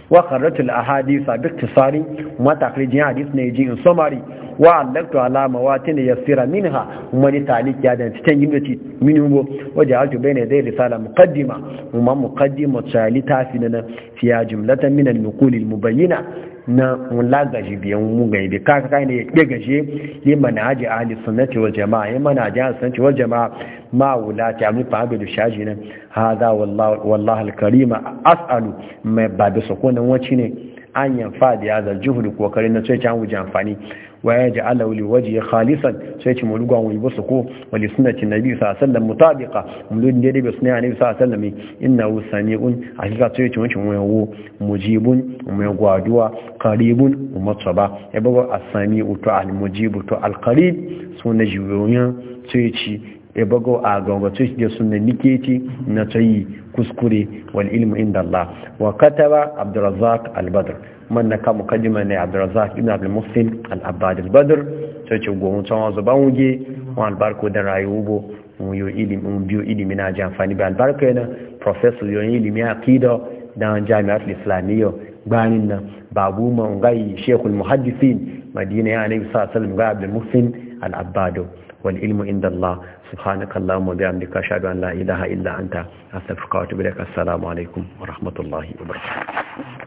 wa karatul ahadisa bi tisari ma takrijin hadis ne ji in summary wa allaktu ala mawatin yassira min ha ni talik ya dan cikin yin dace minimum go wa ja'altu baina dai risala muqaddima umma muqaddima tsali tafi da na siya, min al nuqul mu bayyana. na wula biyan mu gani da kaka kai ne ya gashi yi haji ahli sunnati wal jama'a yi mana ahli sunnati wal jama'a ma wula ta mu fa ga shaji nan hada wallahi wallahi as'alu mai ba da sakonan wacce ne an yanfa da ya zal juhud kokarin na sai ta wuce amfani wa ya wuli waje ya khalisan sai ci mu lugwa wani basu ko wa suna sunnati nabi sallallahu alaihi wasallam mutabiqa mu lugwa ne da sunna nabi sallallahu alaihi wasallam innahu sami'un hakika sai ci mu ci mu yawo mujibun mu gwaduwa qaribun mu matsaba ya baba a sami to al-mujibu to al-qarib ji jiyoyin sai ci ya bago a gangace shi da suna nikeci na tsayi kuskure wal ilmu inda Allah wa kataba Abdurrazzaq al-Badr man na kama kajima na abdurazak ibn abdul muslim al-abbad al-badr sai ce gomu can ban wuge wa albarko da rayuwa bo mun biyo ilimi na ji amfani ba albarka yana professor yoyin ilimi a kida da jami'ar islamiyya bayanin nan babu man gai shekul muhaddisin madina ya nabi sa salim ga abdul muslim al wal ilmu inda allah subhanaka allahumma mu bihamdika ashhadu an la ilaha illa anta Asafi wa atubu ilaik assalamu alaikum wa rahmatullahi wa barakatuh